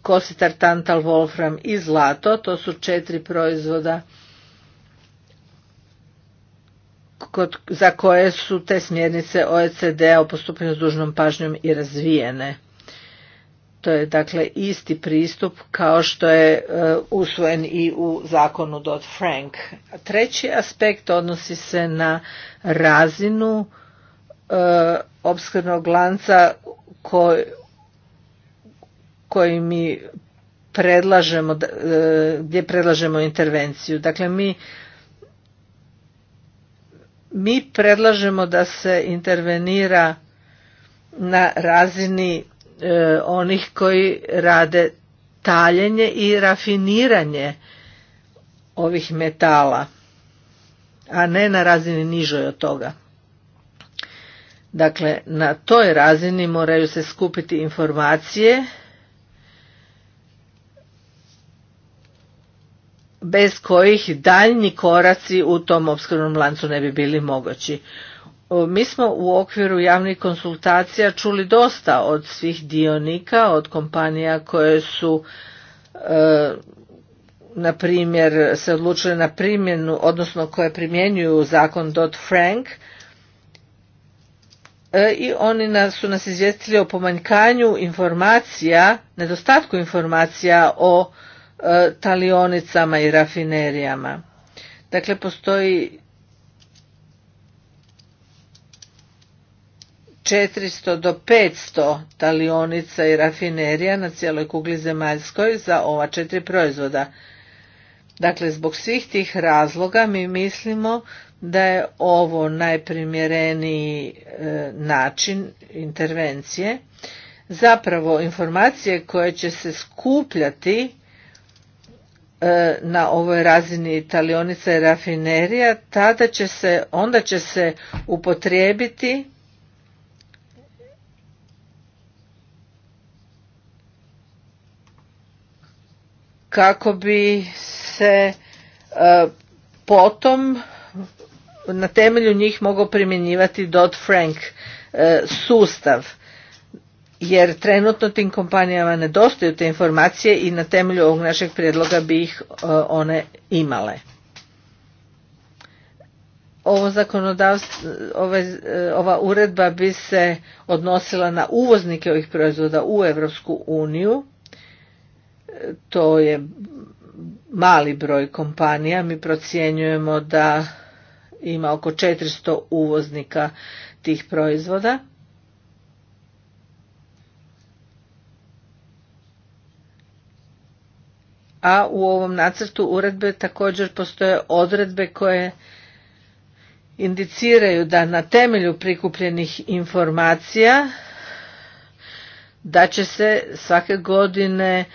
kositar, tantal, wolfram i zlato. To su četiri proizvoda kod, za koje su te smjernice OECD-a o postupanju s dužnom pažnjom i razvijene. To je dakle isti pristup kao što je e, usvojen i u zakonu Dodd-Frank. Treći aspekt odnosi se na razinu e, opskrbnog lanca koji koji mi predlažemo, e, gdje predlažemo intervenciju. Dakle, mi mi predlažemo da se intervenira na razini e, onih koji rade taljenje i rafiniranje ovih metala a ne na razini nižoj od toga dakle na toj razini moraju se skupiti informacije bez kojih daljni koraci u tom opskrbnom lancu ne bi bili mogući. Mi smo u okviru javnih konsultacija čuli dosta od svih dionika, od kompanija koje su e, na primjer se odlučile na primjenu, odnosno koje primjenjuju zakon Dot frank e, i oni su nas izvijestili o pomanjkanju informacija, nedostatku informacija o E, talionicama i rafinerijama. Dakle, postoji 400 do 500 talionica i rafinerija na cijeloj kugli zemaljskoj za ova četiri proizvoda. Dakle, zbog svih tih razloga mi mislimo da je ovo najprimjereniji e, način intervencije. Zapravo, informacije koje će se skupljati E, na ovoj razini talionica i rafinerija, tada će se, onda će se upotrijebiti kako bi se e, potom na temelju njih mogao primjenjivati Dodd-Frank e, sustav jer trenutno tim kompanijama nedostaju te informacije i na temelju ovog našeg prijedloga bi ih e, one imale. Ovo zakonodavstvo, e, ova uredba bi se odnosila na uvoznike ovih proizvoda u Europsku uniju. To je mali broj kompanija. Mi procjenjujemo da ima oko 400 uvoznika tih proizvoda a u ovom nacrtu uredbe također postoje odredbe koje indiciraju da na temelju prikupljenih informacija da će se svake godine e,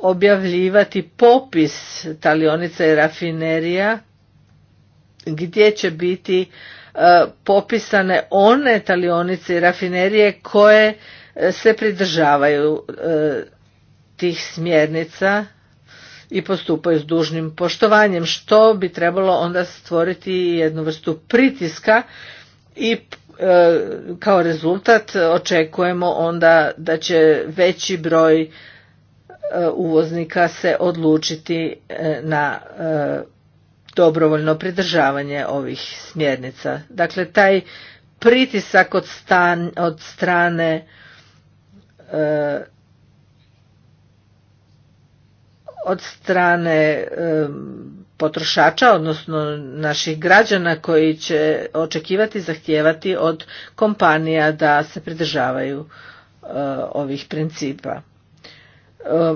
objavljivati popis talionica i rafinerija gdje će biti e, popisane one talionice i rafinerije koje e, se pridržavaju tih smjernica i postupaju s dužnim poštovanjem, što bi trebalo onda stvoriti jednu vrstu pritiska i e, kao rezultat očekujemo onda da će veći broj e, uvoznika se odlučiti e, na dobrovoljno pridržavanje ovih smjernica. Dakle, taj pritisak od, od strane od strane potrošača, odnosno naših građana koji će očekivati, zahtijevati od kompanija da se pridržavaju eh, ovih principa.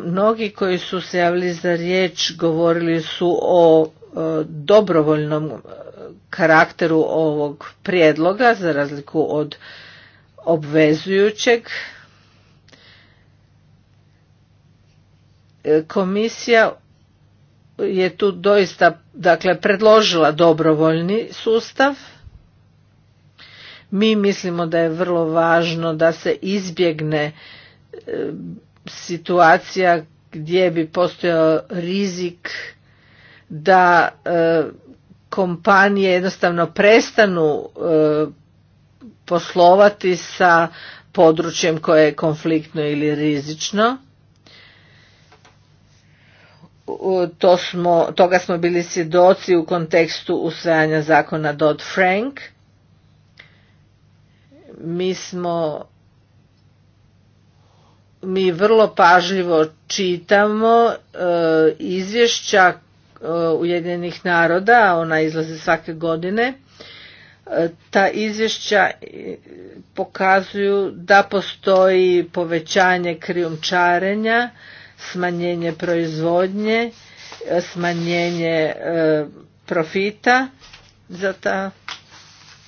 Mnogi koji su se javili za riječ govorili su o eh, dobrovoljnom eh, karakteru ovog prijedloga za razliku od obvezujućeg E, komisija je tu doista dakle predložila dobrovoljni sustav. Mi mislimo da je vrlo važno da se izbjegne e, situacija gdje bi postojao rizik da e, kompanije jednostavno prestanu poslovati sa područjem koje je konfliktno ili rizično to smo, toga smo bili svjedoci u kontekstu usvajanja zakona Dodd-Frank. Mi smo mi vrlo pažljivo čitamo e, izvješća e, Ujedinjenih naroda, ona izlazi svake godine. E, ta izvješća e, pokazuju da postoji povećanje krijumčarenja, smanjenje proizvodnje, smanjenje e, profita za ta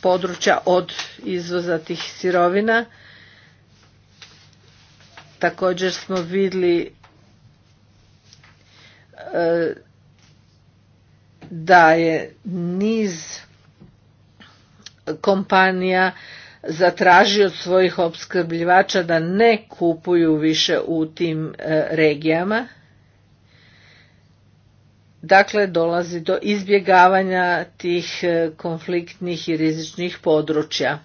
područja od izvoza tih sirovina. Također smo vidjeli e, da je niz kompanija zatraži od svojih opskrbljivača da ne kupuju više u tim e, regijama. Dakle, dolazi do izbjegavanja tih e, konfliktnih i rizičnih područja.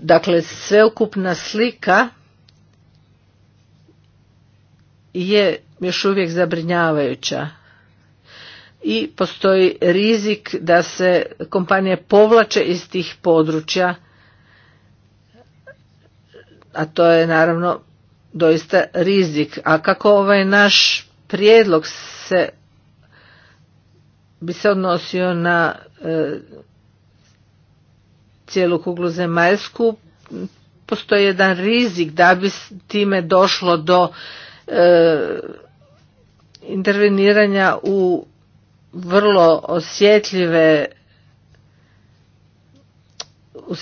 Dakle, sveukupna slika je još uvijek zabrinjavajuća i postoji rizik da se kompanije povlače iz tih područja, a to je naravno doista rizik. A kako ovaj naš prijedlog se bi se odnosio na e, cijelu kuglu zemaljsku, postoji jedan rizik da bi time došlo do e, interveniranja u vrlo osjetljive e,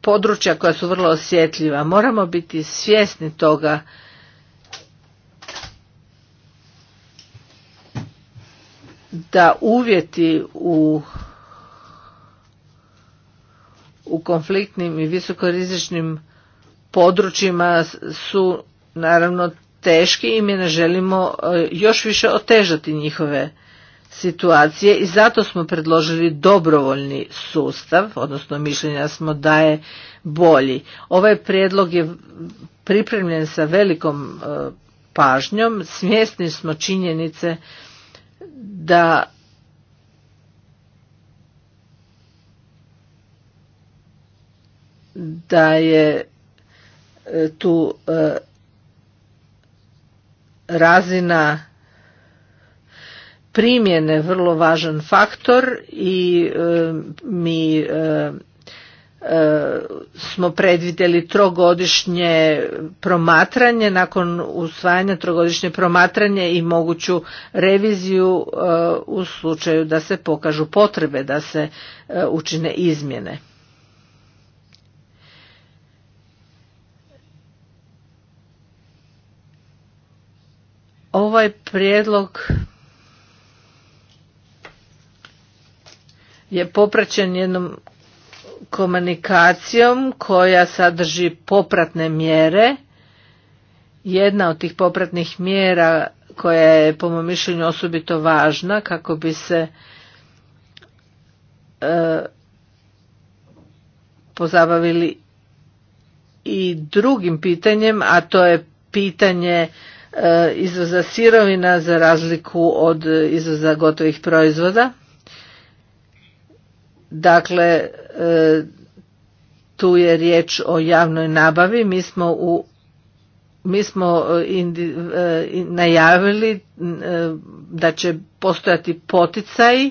područja koja su vrlo osjetljiva. Moramo biti svjesni toga da uvjeti u u konfliktnim i visokorizičnim područjima su naravno teški i mi ne želimo e, još više otežati njihove situacije i zato smo predložili dobrovoljni sustav, odnosno mišljenja smo da je bolji. Ovaj prijedlog je pripremljen sa velikom e, pažnjom, svjesni smo činjenice da da je e, tu e, razina primjene vrlo važan faktor i e, mi e, e, smo predvidjeli trogodišnje promatranje, nakon usvajanja trogodišnje promatranje i moguću reviziju u slučaju da se pokažu potrebe da se učine izmjene. Ovaj prijedlog je popraćen jednom komunikacijom koja sadrži popratne mjere. Jedna od tih popratnih mjera koja je po mom mišljenju osobito važna kako bi se e, pozabavili i drugim pitanjem, a to je pitanje e, izvoza sirovina za razliku od izvoza gotovih proizvoda. Dakle, e, tu je riječ o javnoj nabavi. Mi smo u mi smo e, e, najavili da će postojati poticaj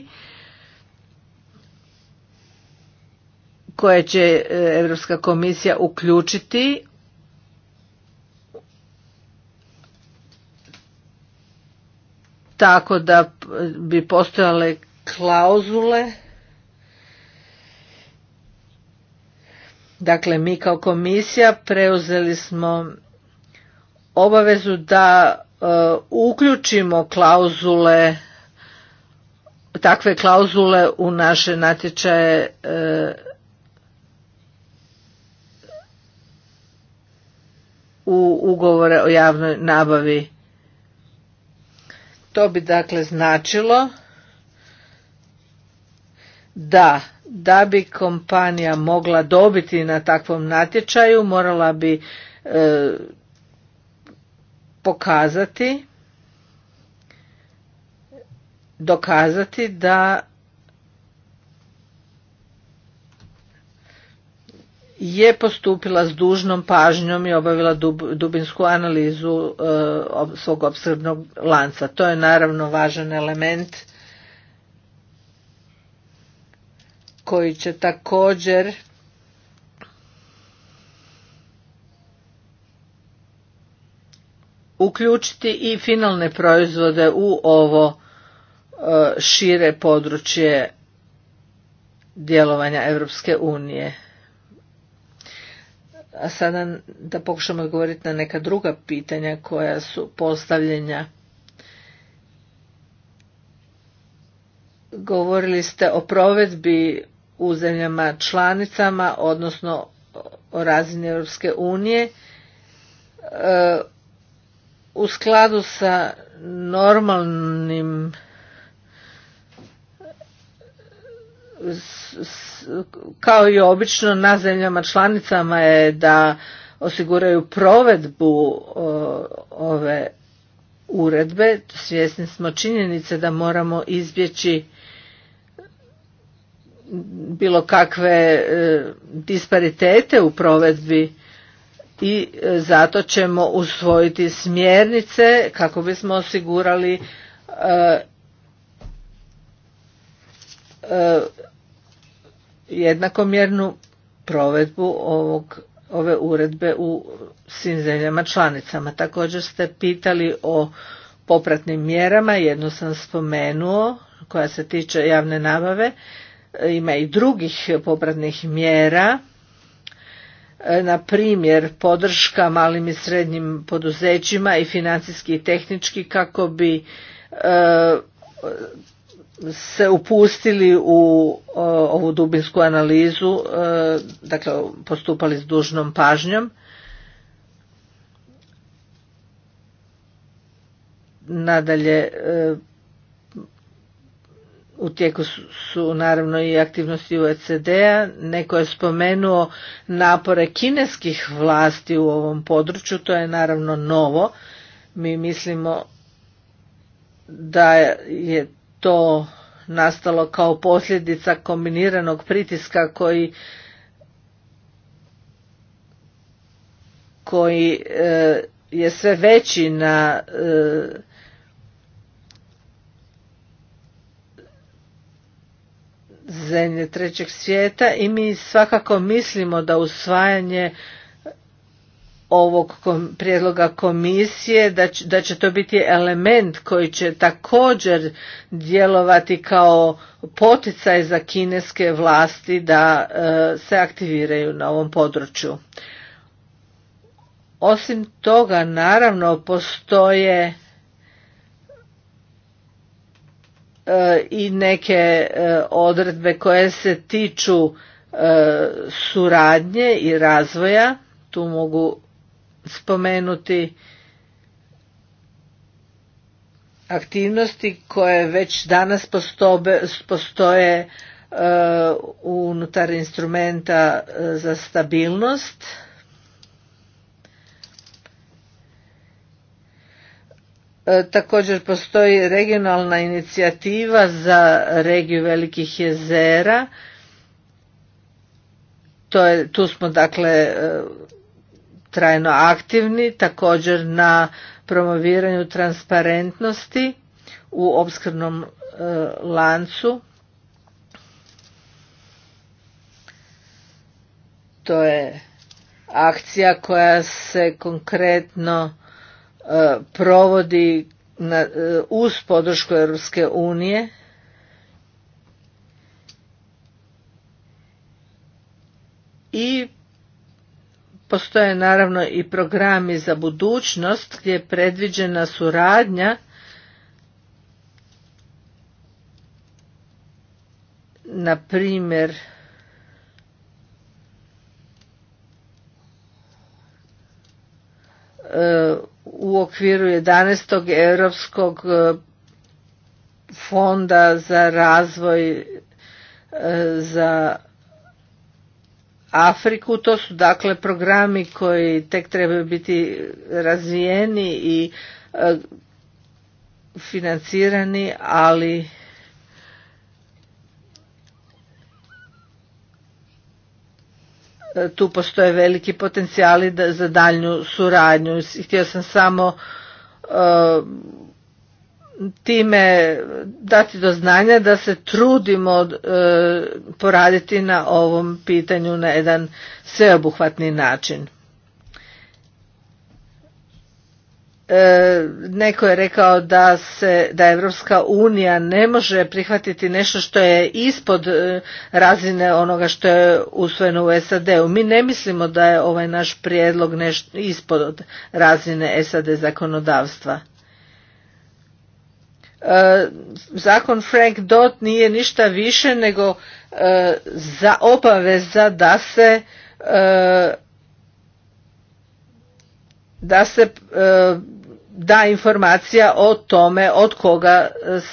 koje će Europska komisija uključiti tako da bi postojale klauzule Dakle, mi kao komisija preuzeli smo obavezu da e, uključimo klauzule, takve klauzule u naše natječaje e, u ugovore o javnoj nabavi. To bi dakle značilo da da bi kompanija mogla dobiti na takvom natječaju morala bi e, pokazati dokazati da je postupila s dužnom pažnjom i obavila dubinsku analizu e, svog opskrbnog lanca. To je naravno važan element koji će također uključiti i finalne proizvode u ovo e, šire područje djelovanja Europske unije. A sada da pokušamo odgovoriti na neka druga pitanja koja su postavljenja. Govorili ste o provedbi u zemljama članicama, odnosno o razini Europske unije, e, u skladu sa normalnim kao i obično na zemljama članicama je da osiguraju provedbu e, ove uredbe. Svjesni smo činjenice da moramo izbjeći bilo kakve e, disparitete u provedbi i e, zato ćemo usvojiti smjernice kako bismo osigurali e, jednakomjernu provedbu ovog, ove uredbe u svim zemljama članicama. Također ste pitali o popratnim mjerama, jednu sam spomenuo koja se tiče javne nabave ima i drugih popratnih mjera e, na primjer podrška malim i srednjim poduzećima i financijski i tehnički kako bi e, se upustili u ovu dubinsku analizu, e, dakle postupali s dužnom pažnjom. Nadalje u tijeku su, naravno i aktivnosti OECD-a. Neko je spomenuo napore kineskih vlasti u ovom području, to je naravno novo. Mi mislimo da je to nastalo kao posljedica kombiniranog pritiska koji koji e, je sve veći na e, zemlje trećeg svijeta i mi svakako mislimo da usvajanje ovog prijedloga komisije da će, da će to biti element koji će također djelovati kao poticaj za kineske vlasti da e, se aktiviraju na ovom području osim toga naravno postoje E, i neke e, odredbe koje se tiču e, suradnje i razvoja. Tu mogu spomenuti aktivnosti koje već danas postoje unutar instrumenta za stabilnost E, također postoji regionalna inicijativa za regiju velikih jezera. To je, tu smo dakle e, trajno aktivni, također na promoviranju transparentnosti u opskrbnom e, lancu. To je akcija koja se konkretno E, provodi na, e, uz podršku Europske unije i postoje naravno i programi za budućnost gdje je predviđena suradnja na primjer E, u okviru 11. europskog e, fonda za razvoj e, za Afriku. To su dakle programi koji tek trebaju biti razvijeni i financirani, ali tu postoje veliki potencijali za daljnju suradnju. Htio sam samo eh, time dati do znanja da se trudimo eh, poraditi na ovom pitanju na jedan sveobuhvatni način. E, neko je rekao da se da Europska unija ne može prihvatiti nešto što je ispod e, razine onoga što je usvojeno u SAD-u. Mi ne mislimo da je ovaj naš prijedlog nešto ispod razine SAD zakonodavstva. E, zakon Frank Dot nije ništa više nego za obaveza da se da se e, da informacija o tome od koga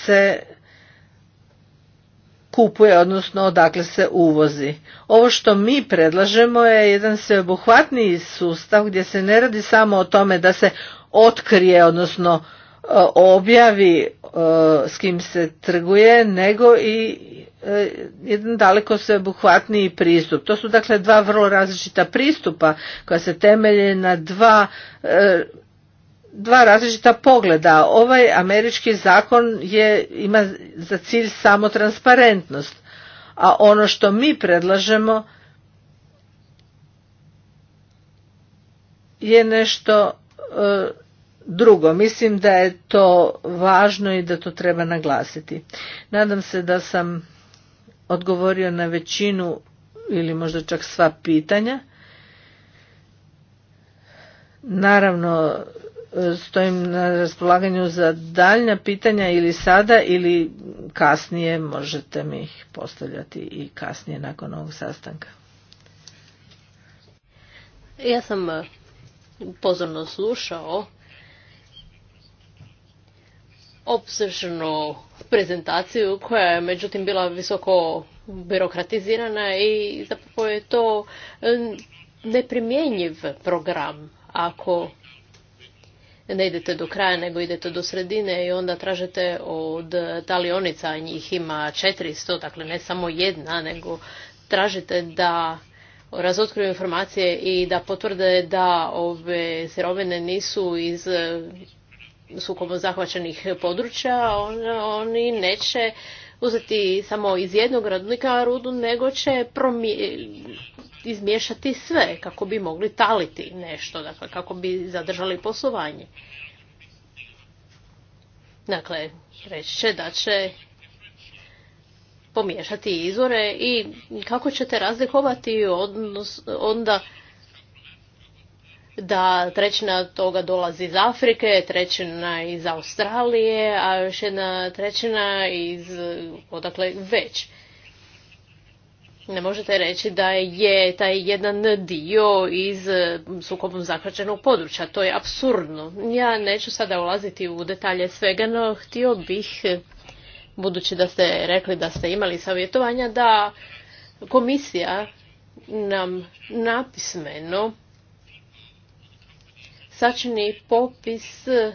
se kupuje, odnosno odakle se uvozi. Ovo što mi predlažemo je jedan sveobuhvatniji sustav gdje se ne radi samo o tome da se otkrije, odnosno e, objavi e, s kim se trguje, nego i jedan daleko sveobuhvatniji pristup. To su dakle dva vrlo različita pristupa koja se temelje na dva e, dva različita pogleda. Ovaj američki zakon je ima za cilj samo transparentnost, a ono što mi predlažemo je nešto e, drugo. Mislim da je to važno i da to treba naglasiti. Nadam se da sam odgovorio na većinu ili možda čak sva pitanja. Naravno, stojim na raspolaganju za daljnja pitanja ili sada ili kasnije možete mi ih postavljati i kasnije nakon ovog sastanka. Ja sam eh, pozorno slušao opsežnu prezentaciju koja je međutim bila visoko birokratizirana i zapravo je to e, neprimjenjiv program ako ne idete do kraja nego idete do sredine i onda tražite od talionica, njih ima 400, dakle ne samo jedna, nego tražite da razotkriju informacije i da potvrde da ove sirovine nisu iz sukobom zahvaćenih područja, oni neće uzeti samo iz jednog radnika rudu, nego će izmiješati sve kako bi mogli taliti nešto, dakle, kako bi zadržali poslovanje. Dakle, reći će da će pomiješati izvore i kako ćete razlikovati onda da trećina toga dolazi iz Afrike, trećina iz Australije, a još jedna trećina iz odakle već. Ne možete reći da je taj jedan dio iz sukobom zahvaćenog područja. To je absurdno. Ja neću sada ulaziti u detalje svega, no htio bih, budući da ste rekli da ste imali savjetovanja, da komisija nam napismeno sačini popis e,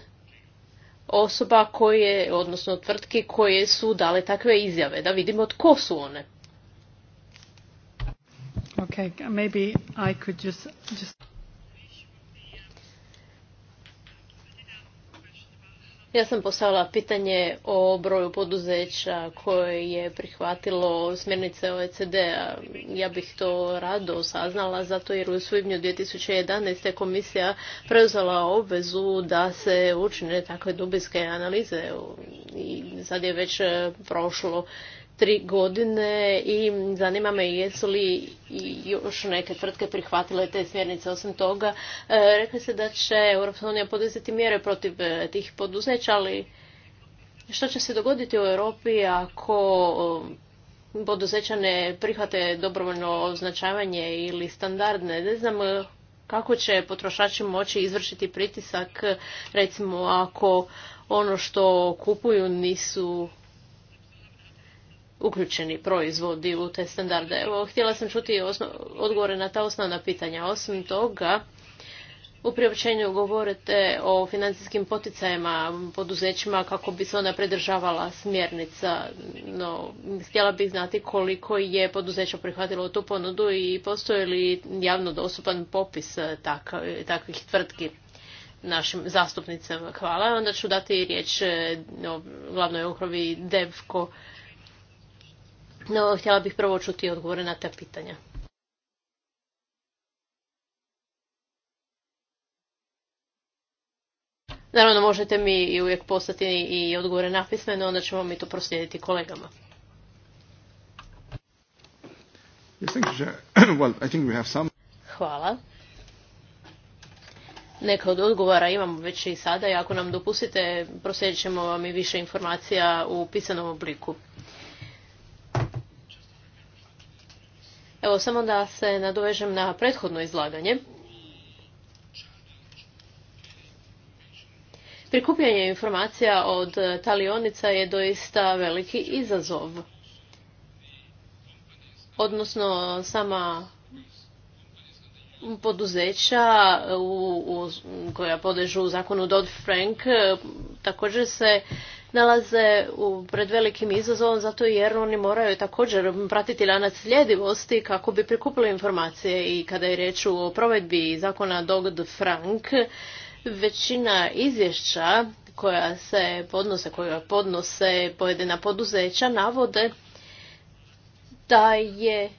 osoba koje, odnosno tvrtke koje su dale takve izjave, da vidimo tko su one. Okay, maybe I could just, just... Ja sam postavila pitanje o broju poduzeća koje je prihvatilo smjernice OECD-a. Ja bih to rado saznala zato jer u svibnju 2011. komisija preuzela obvezu da se učine takve dubinske analize i sad je već prošlo tri godine i zanima me jesu li još neke tvrtke prihvatile te smjernice. Osim toga, e, rekli se da će EU poduzeti mjere protiv e, tih poduzeća, ali što će se dogoditi u Europi ako poduzeća ne prihvate dobrovoljno označavanje ili standardne? Ne znam e, kako će potrošači moći izvršiti pritisak, recimo ako ono što kupuju nisu uključeni proizvodi u te standarde. Evo, htjela sam čuti odgovore na ta osnovna pitanja. Osim toga, u priopćenju govorite o financijskim poticajima poduzećima kako bi se ona predržavala smjernica. No, htjela bih znati koliko je poduzeća prihvatilo tu ponudu i postoji li javno dostupan popis e, takvih tvrtki našim zastupnicama. Hvala. Onda ću dati riječ e, glavnoj okrovi Devko no, htjela bih prvo čuti odgovore na ta pitanja. Naravno, možete mi i uvijek poslati i odgovore napismeno, onda ćemo mi to proslijediti kolegama. Hvala. Neka od odgovora imamo već i sada i ako nam dopustite, proslijedit ćemo vam i više informacija u pisanom obliku. Evo, samo da se nadovežem na prethodno izlaganje. Prikupljanje informacija od talionica je doista veliki izazov. Odnosno, sama poduzeća koja podežu zakonu Dodd-Frank eh, također se nalaze u, pred velikim izazovom zato jer oni moraju također pratiti lanac sljedivosti kako bi prikupili informacije i kada je riječ o provedbi zakona Dogd frank većina izvješća koja se podnose, koja podnose pojedina poduzeća navode da je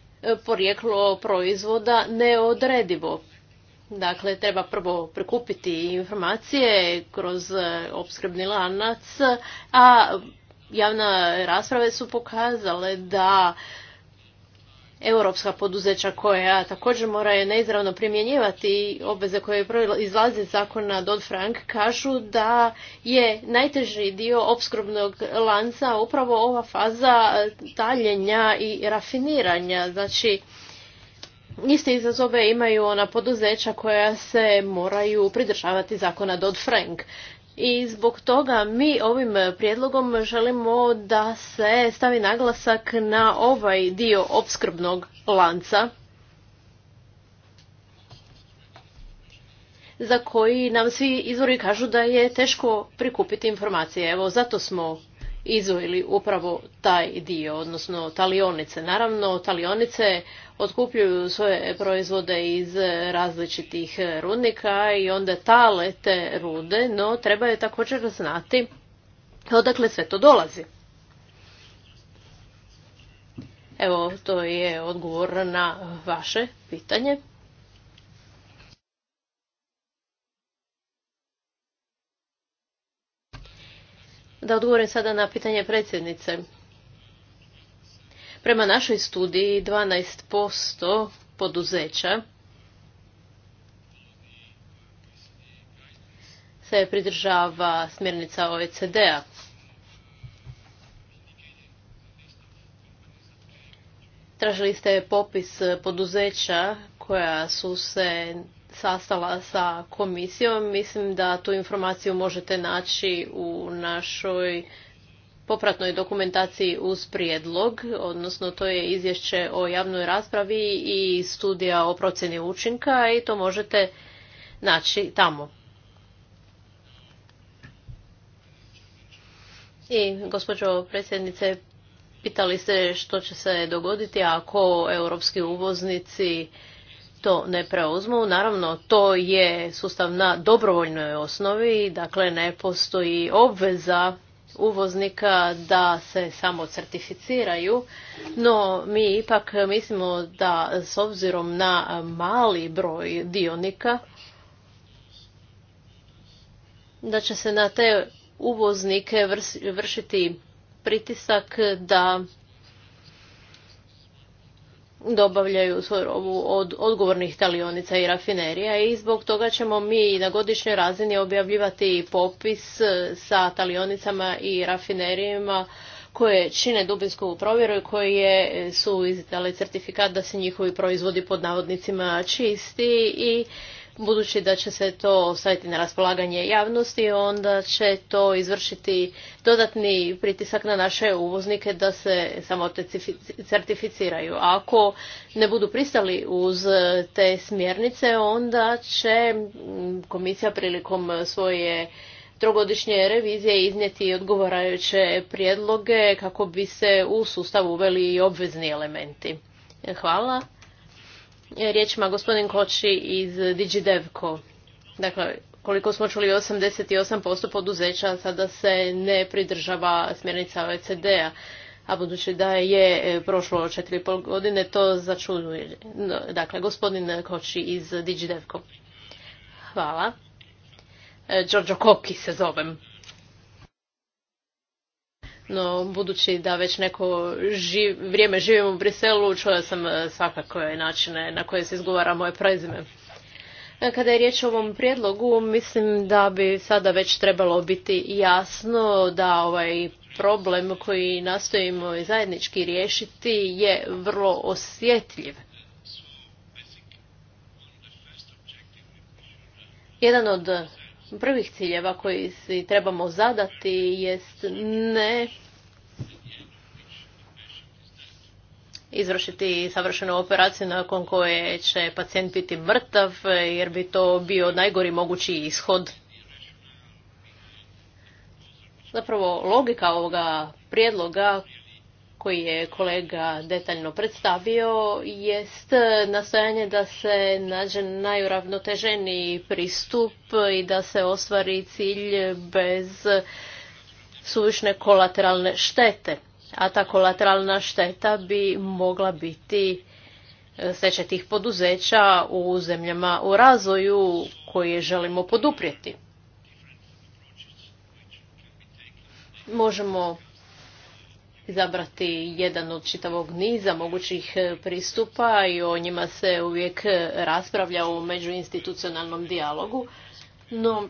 porijeklo proizvoda neodredivo. Dakle, treba prvo prikupiti informacije kroz e, opskrbni lanac, a javne rasprave su pokazale da europska poduzeća koja također moraju neizravno primjenjivati obveze koje izlaze iz zakona Dodd-Frank kažu da je najteži dio opskrbnog lanca upravo ova faza taljenja i rafiniranja. Znači, Iste izazove imaju ona poduzeća koja se moraju pridržavati zakona Dodd-Frank. I zbog toga mi ovim prijedlogom želimo da se stavi naglasak na ovaj dio opskrbnog lanca za koji nam svi izvori kažu da je teško prikupiti informacije. Evo, zato smo izvojili upravo taj dio, odnosno talionice. Naravno, talionice otkupljuju svoje proizvode iz različitih rudnika i onda tale te rude, no treba je također znati odakle sve to dolazi. Evo, to je odgovor na vaše pitanje. Da odgovorim sada na pitanje predsjednice. Prema našoj studiji 12% poduzeća se pridržava smjernica OECD-a. Tražili ste popis poduzeća koja su se sastala sa komisijom. Mislim da tu informaciju možete naći u našoj popratnoj dokumentaciji uz prijedlog, odnosno to je izvješće o javnoj raspravi i studija o procjeni učinka i to možete naći tamo. I gospođo predsjednice, pitali ste što će se dogoditi ako europski uvoznici to ne preuzmu. Naravno, to je sustav na dobrovoljnoj osnovi, dakle ne postoji obveza uvoznika da se samo certificiraju, no mi ipak mislimo da s obzirom na mali broj dionika, da će se na te uvoznike vršiti pritisak da dobavljaju svoju robu od odgovornih talionica i rafinerija i zbog toga ćemo mi na godišnjoj razini objavljivati popis e, sa talionicama i rafinerijima koje čine dubinsku provjeru i koje e, su izdale certifikat da se njihovi proizvodi pod navodnicima čisti i Budući da će se to staviti na raspolaganje javnosti, onda će to izvršiti dodatni pritisak na naše uvoznike da se samo certificiraju. ako ne budu pristali uz te smjernice, onda će komisija prilikom svoje trogodišnje revizije iznijeti odgovarajuće prijedloge kako bi se u sustav uveli i obvezni elementi. Hvala riječima gospodin Koči iz Digidevko. Dakle, koliko smo čuli, 88% poduzeća sada se ne pridržava smjernica OECD-a, a budući da je e, prošlo 4,5 godine, to začuduje. Dakle, gospodin Koči iz Digidevko. Hvala. Giorgio e, Koki se zovem. No, budući da već neko vrijeme živim u Briselu, čuo sam e, svakakve načine na koje se izgovara moje prezime. E, kada je riječ o ovom prijedlogu, mislim da bi sada već trebalo biti jasno da ovaj problem koji nastojimo zajednički riješiti je vrlo osjetljiv. Jedan od prvih ciljeva koji si trebamo zadati jest ne izvršiti savršenu operaciju nakon koje će pacijent biti mrtav jer bi to bio najgori mogući ishod. Zapravo logika ovoga prijedloga koji je kolega detaljno predstavio jest nastojanje da se nađe najuravnoteženiji pristup i da se ostvari cilj bez suvišne kolateralne štete. A ta kolateralna šteta bi mogla biti stečaj tih poduzeća u zemljama u razvoju koje želimo poduprijeti. Možemo izabrati jedan od čitavog niza mogućih e, pristupa i o njima se uvijek e, raspravlja u međuinstitucionalnom dijalogu. No,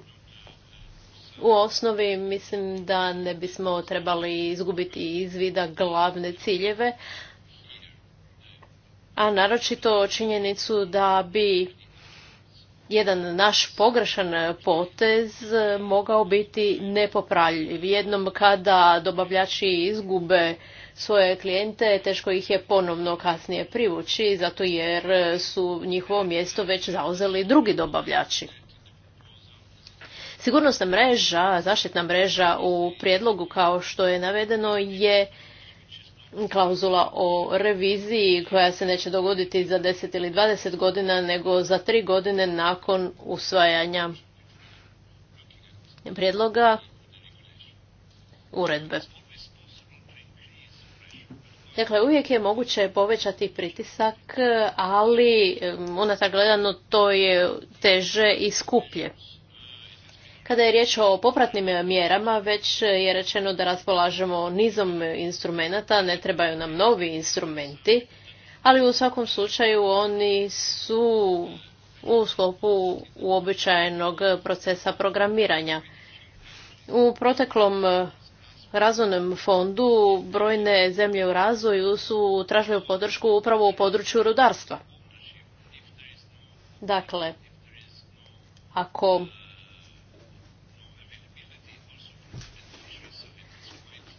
u osnovi mislim da ne bismo trebali izgubiti iz vida glavne ciljeve, a naročito činjenicu da bi jedan naš pogrešan potez mogao biti nepopravljiv. Jednom kada dobavljači izgube svoje klijente, teško ih je ponovno kasnije privući, zato jer su njihovo mjesto već zauzeli drugi dobavljači. Sigurnosna mreža, zaštitna mreža u prijedlogu kao što je navedeno je klauzula o reviziji koja se neće dogoditi za 10 ili 20 godina, nego za 3 godine nakon usvajanja prijedloga uredbe. Dakle, uvijek je moguće povećati pritisak, ali unatak gledano to je teže i skuplje. Kada je riječ o popratnim mjerama, već je rečeno da raspolažemo nizom instrumenata, ne trebaju nam novi instrumenti, ali u svakom slučaju oni su u sklopu uobičajenog procesa programiranja. U proteklom razvojnom fondu brojne zemlje u razvoju su tražile podršku upravo u području rudarstva. Dakle, ako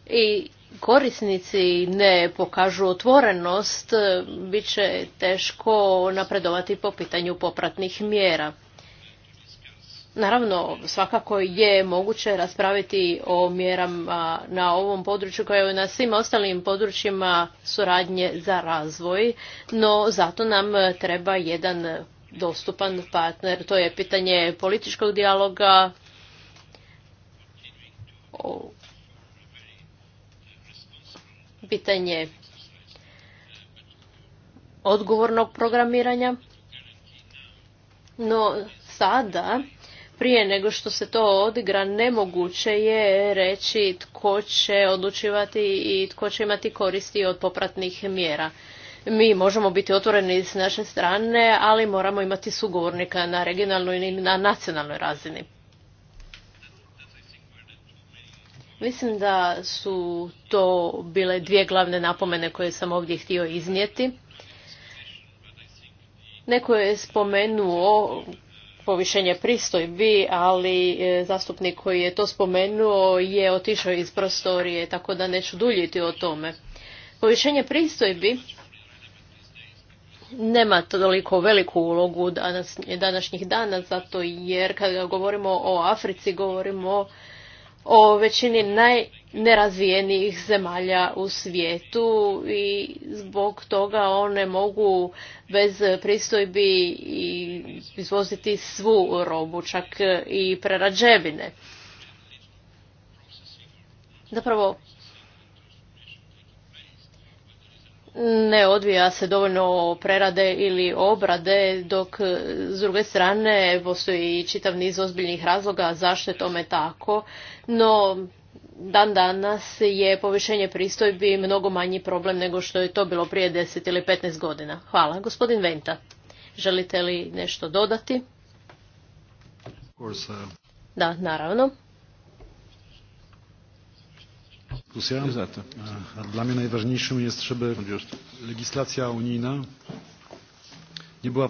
i korisnici ne pokažu otvorenost, e, bit će teško napredovati po pitanju popratnih mjera. Naravno, svakako je moguće raspraviti o mjerama na ovom području koje i na svim ostalim područjima suradnje za razvoj, no zato nam treba jedan dostupan partner. To je pitanje političkog dijaloga, pitanje odgovornog programiranja. No sada, prije nego što se to odigra, nemoguće je reći tko će odlučivati i tko će imati koristi od popratnih mjera. Mi možemo biti otvoreni s naše strane, ali moramo imati sugovornika na regionalnoj i na nacionalnoj razini. Mislim da su to bile dvije glavne napomene koje sam ovdje htio iznijeti. Neko je spomenuo povišenje pristojbi, ali e, zastupnik koji je to spomenuo je otišao iz prostorije, tako da neću duljiti o tome. Povišenje pristojbi nema toliko veliku ulogu danas, današnjih dana, zato jer kada govorimo o Africi, govorimo o većini najnerazvijenijih zemalja u svijetu i zbog toga one mogu bez pristojbi izvoziti svu robu, čak i prerađevine. Zapravo, ne odvija se dovoljno prerade ili obrade, dok e, s druge strane postoji čitav niz ozbiljnih razloga zašto je tome tako, no dan danas je povišenje pristojbi mnogo manji problem nego što je to bilo prije 10 ili 15 godina. Hvala. Gospodin Venta, želite li nešto dodati? Uh, da, naravno. Dla mnie najważniejszym jest, żeby legislacja unijna nie była...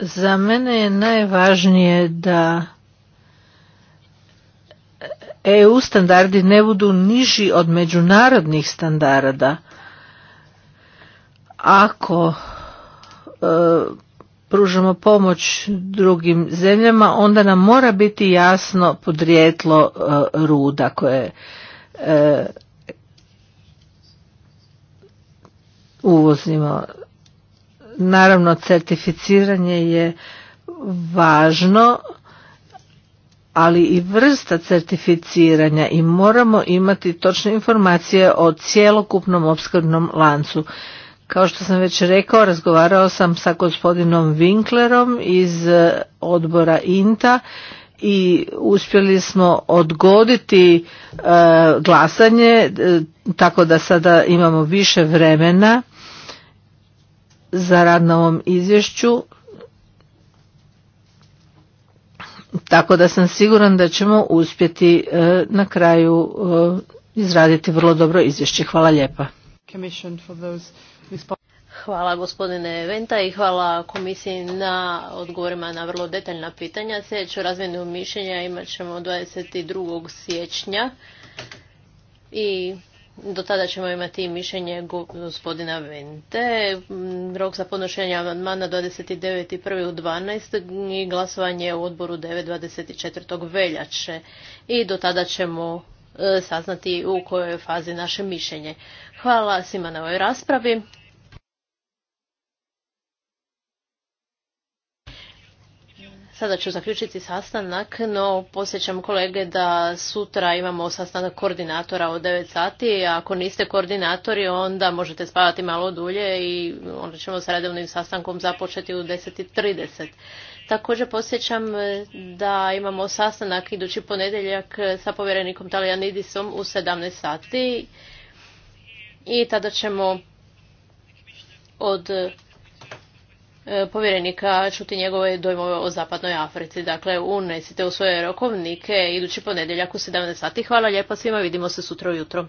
Za mene je najvažnije da EU standardi ne budu niži od međunarodnih standarda. Ako e, pružamo pomoć drugim zemljama, onda nam mora biti jasno podrijetlo e, ruda koje E, uvozimo. Naravno, certificiranje je važno, ali i vrsta certificiranja i moramo imati točne informacije o cjelokupnom opskrbnom lancu. Kao što sam već rekao, razgovarao sam sa gospodinom Winklerom iz odbora INTA i uspjeli smo odgoditi e, glasanje e, tako da sada imamo više vremena za rad na ovom izvješću tako da sam siguran da ćemo uspjeti e, na kraju izraditi vrlo dobro izvješće. Hvala lijepa. Hvala gospodine Venta i hvala komisiji na odgovorima na vrlo detaljna pitanja. Sljedeću razmjenu mišljenja imat ćemo 22. siječnja i do tada ćemo imati mišljenje gospodina Vente. Rok za podnošenje amandmana 29.1. u i glasovanje u odboru 9.24. veljače. I do tada ćemo e, saznati u kojoj je fazi naše mišljenje. Hvala svima na ovoj raspravi. Sada ću zaključiti sastanak, no posjećam kolege da sutra imamo sastanak koordinatora od 9 sati. A ako niste koordinatori, onda možete spavati malo dulje i onda ćemo s redovnim sastankom započeti u 10.30. Također posjećam da imamo sastanak idući ponedjeljak sa povjerenikom Talijanidisom u 17 sati i tada ćemo od E, povjerenika čuti njegove dojmove o zapadnoj Africi. Dakle, unesite u svoje rokovnike idući ponedjeljak u 17 sati. Hvala lijepa svima, vidimo se sutra ujutro.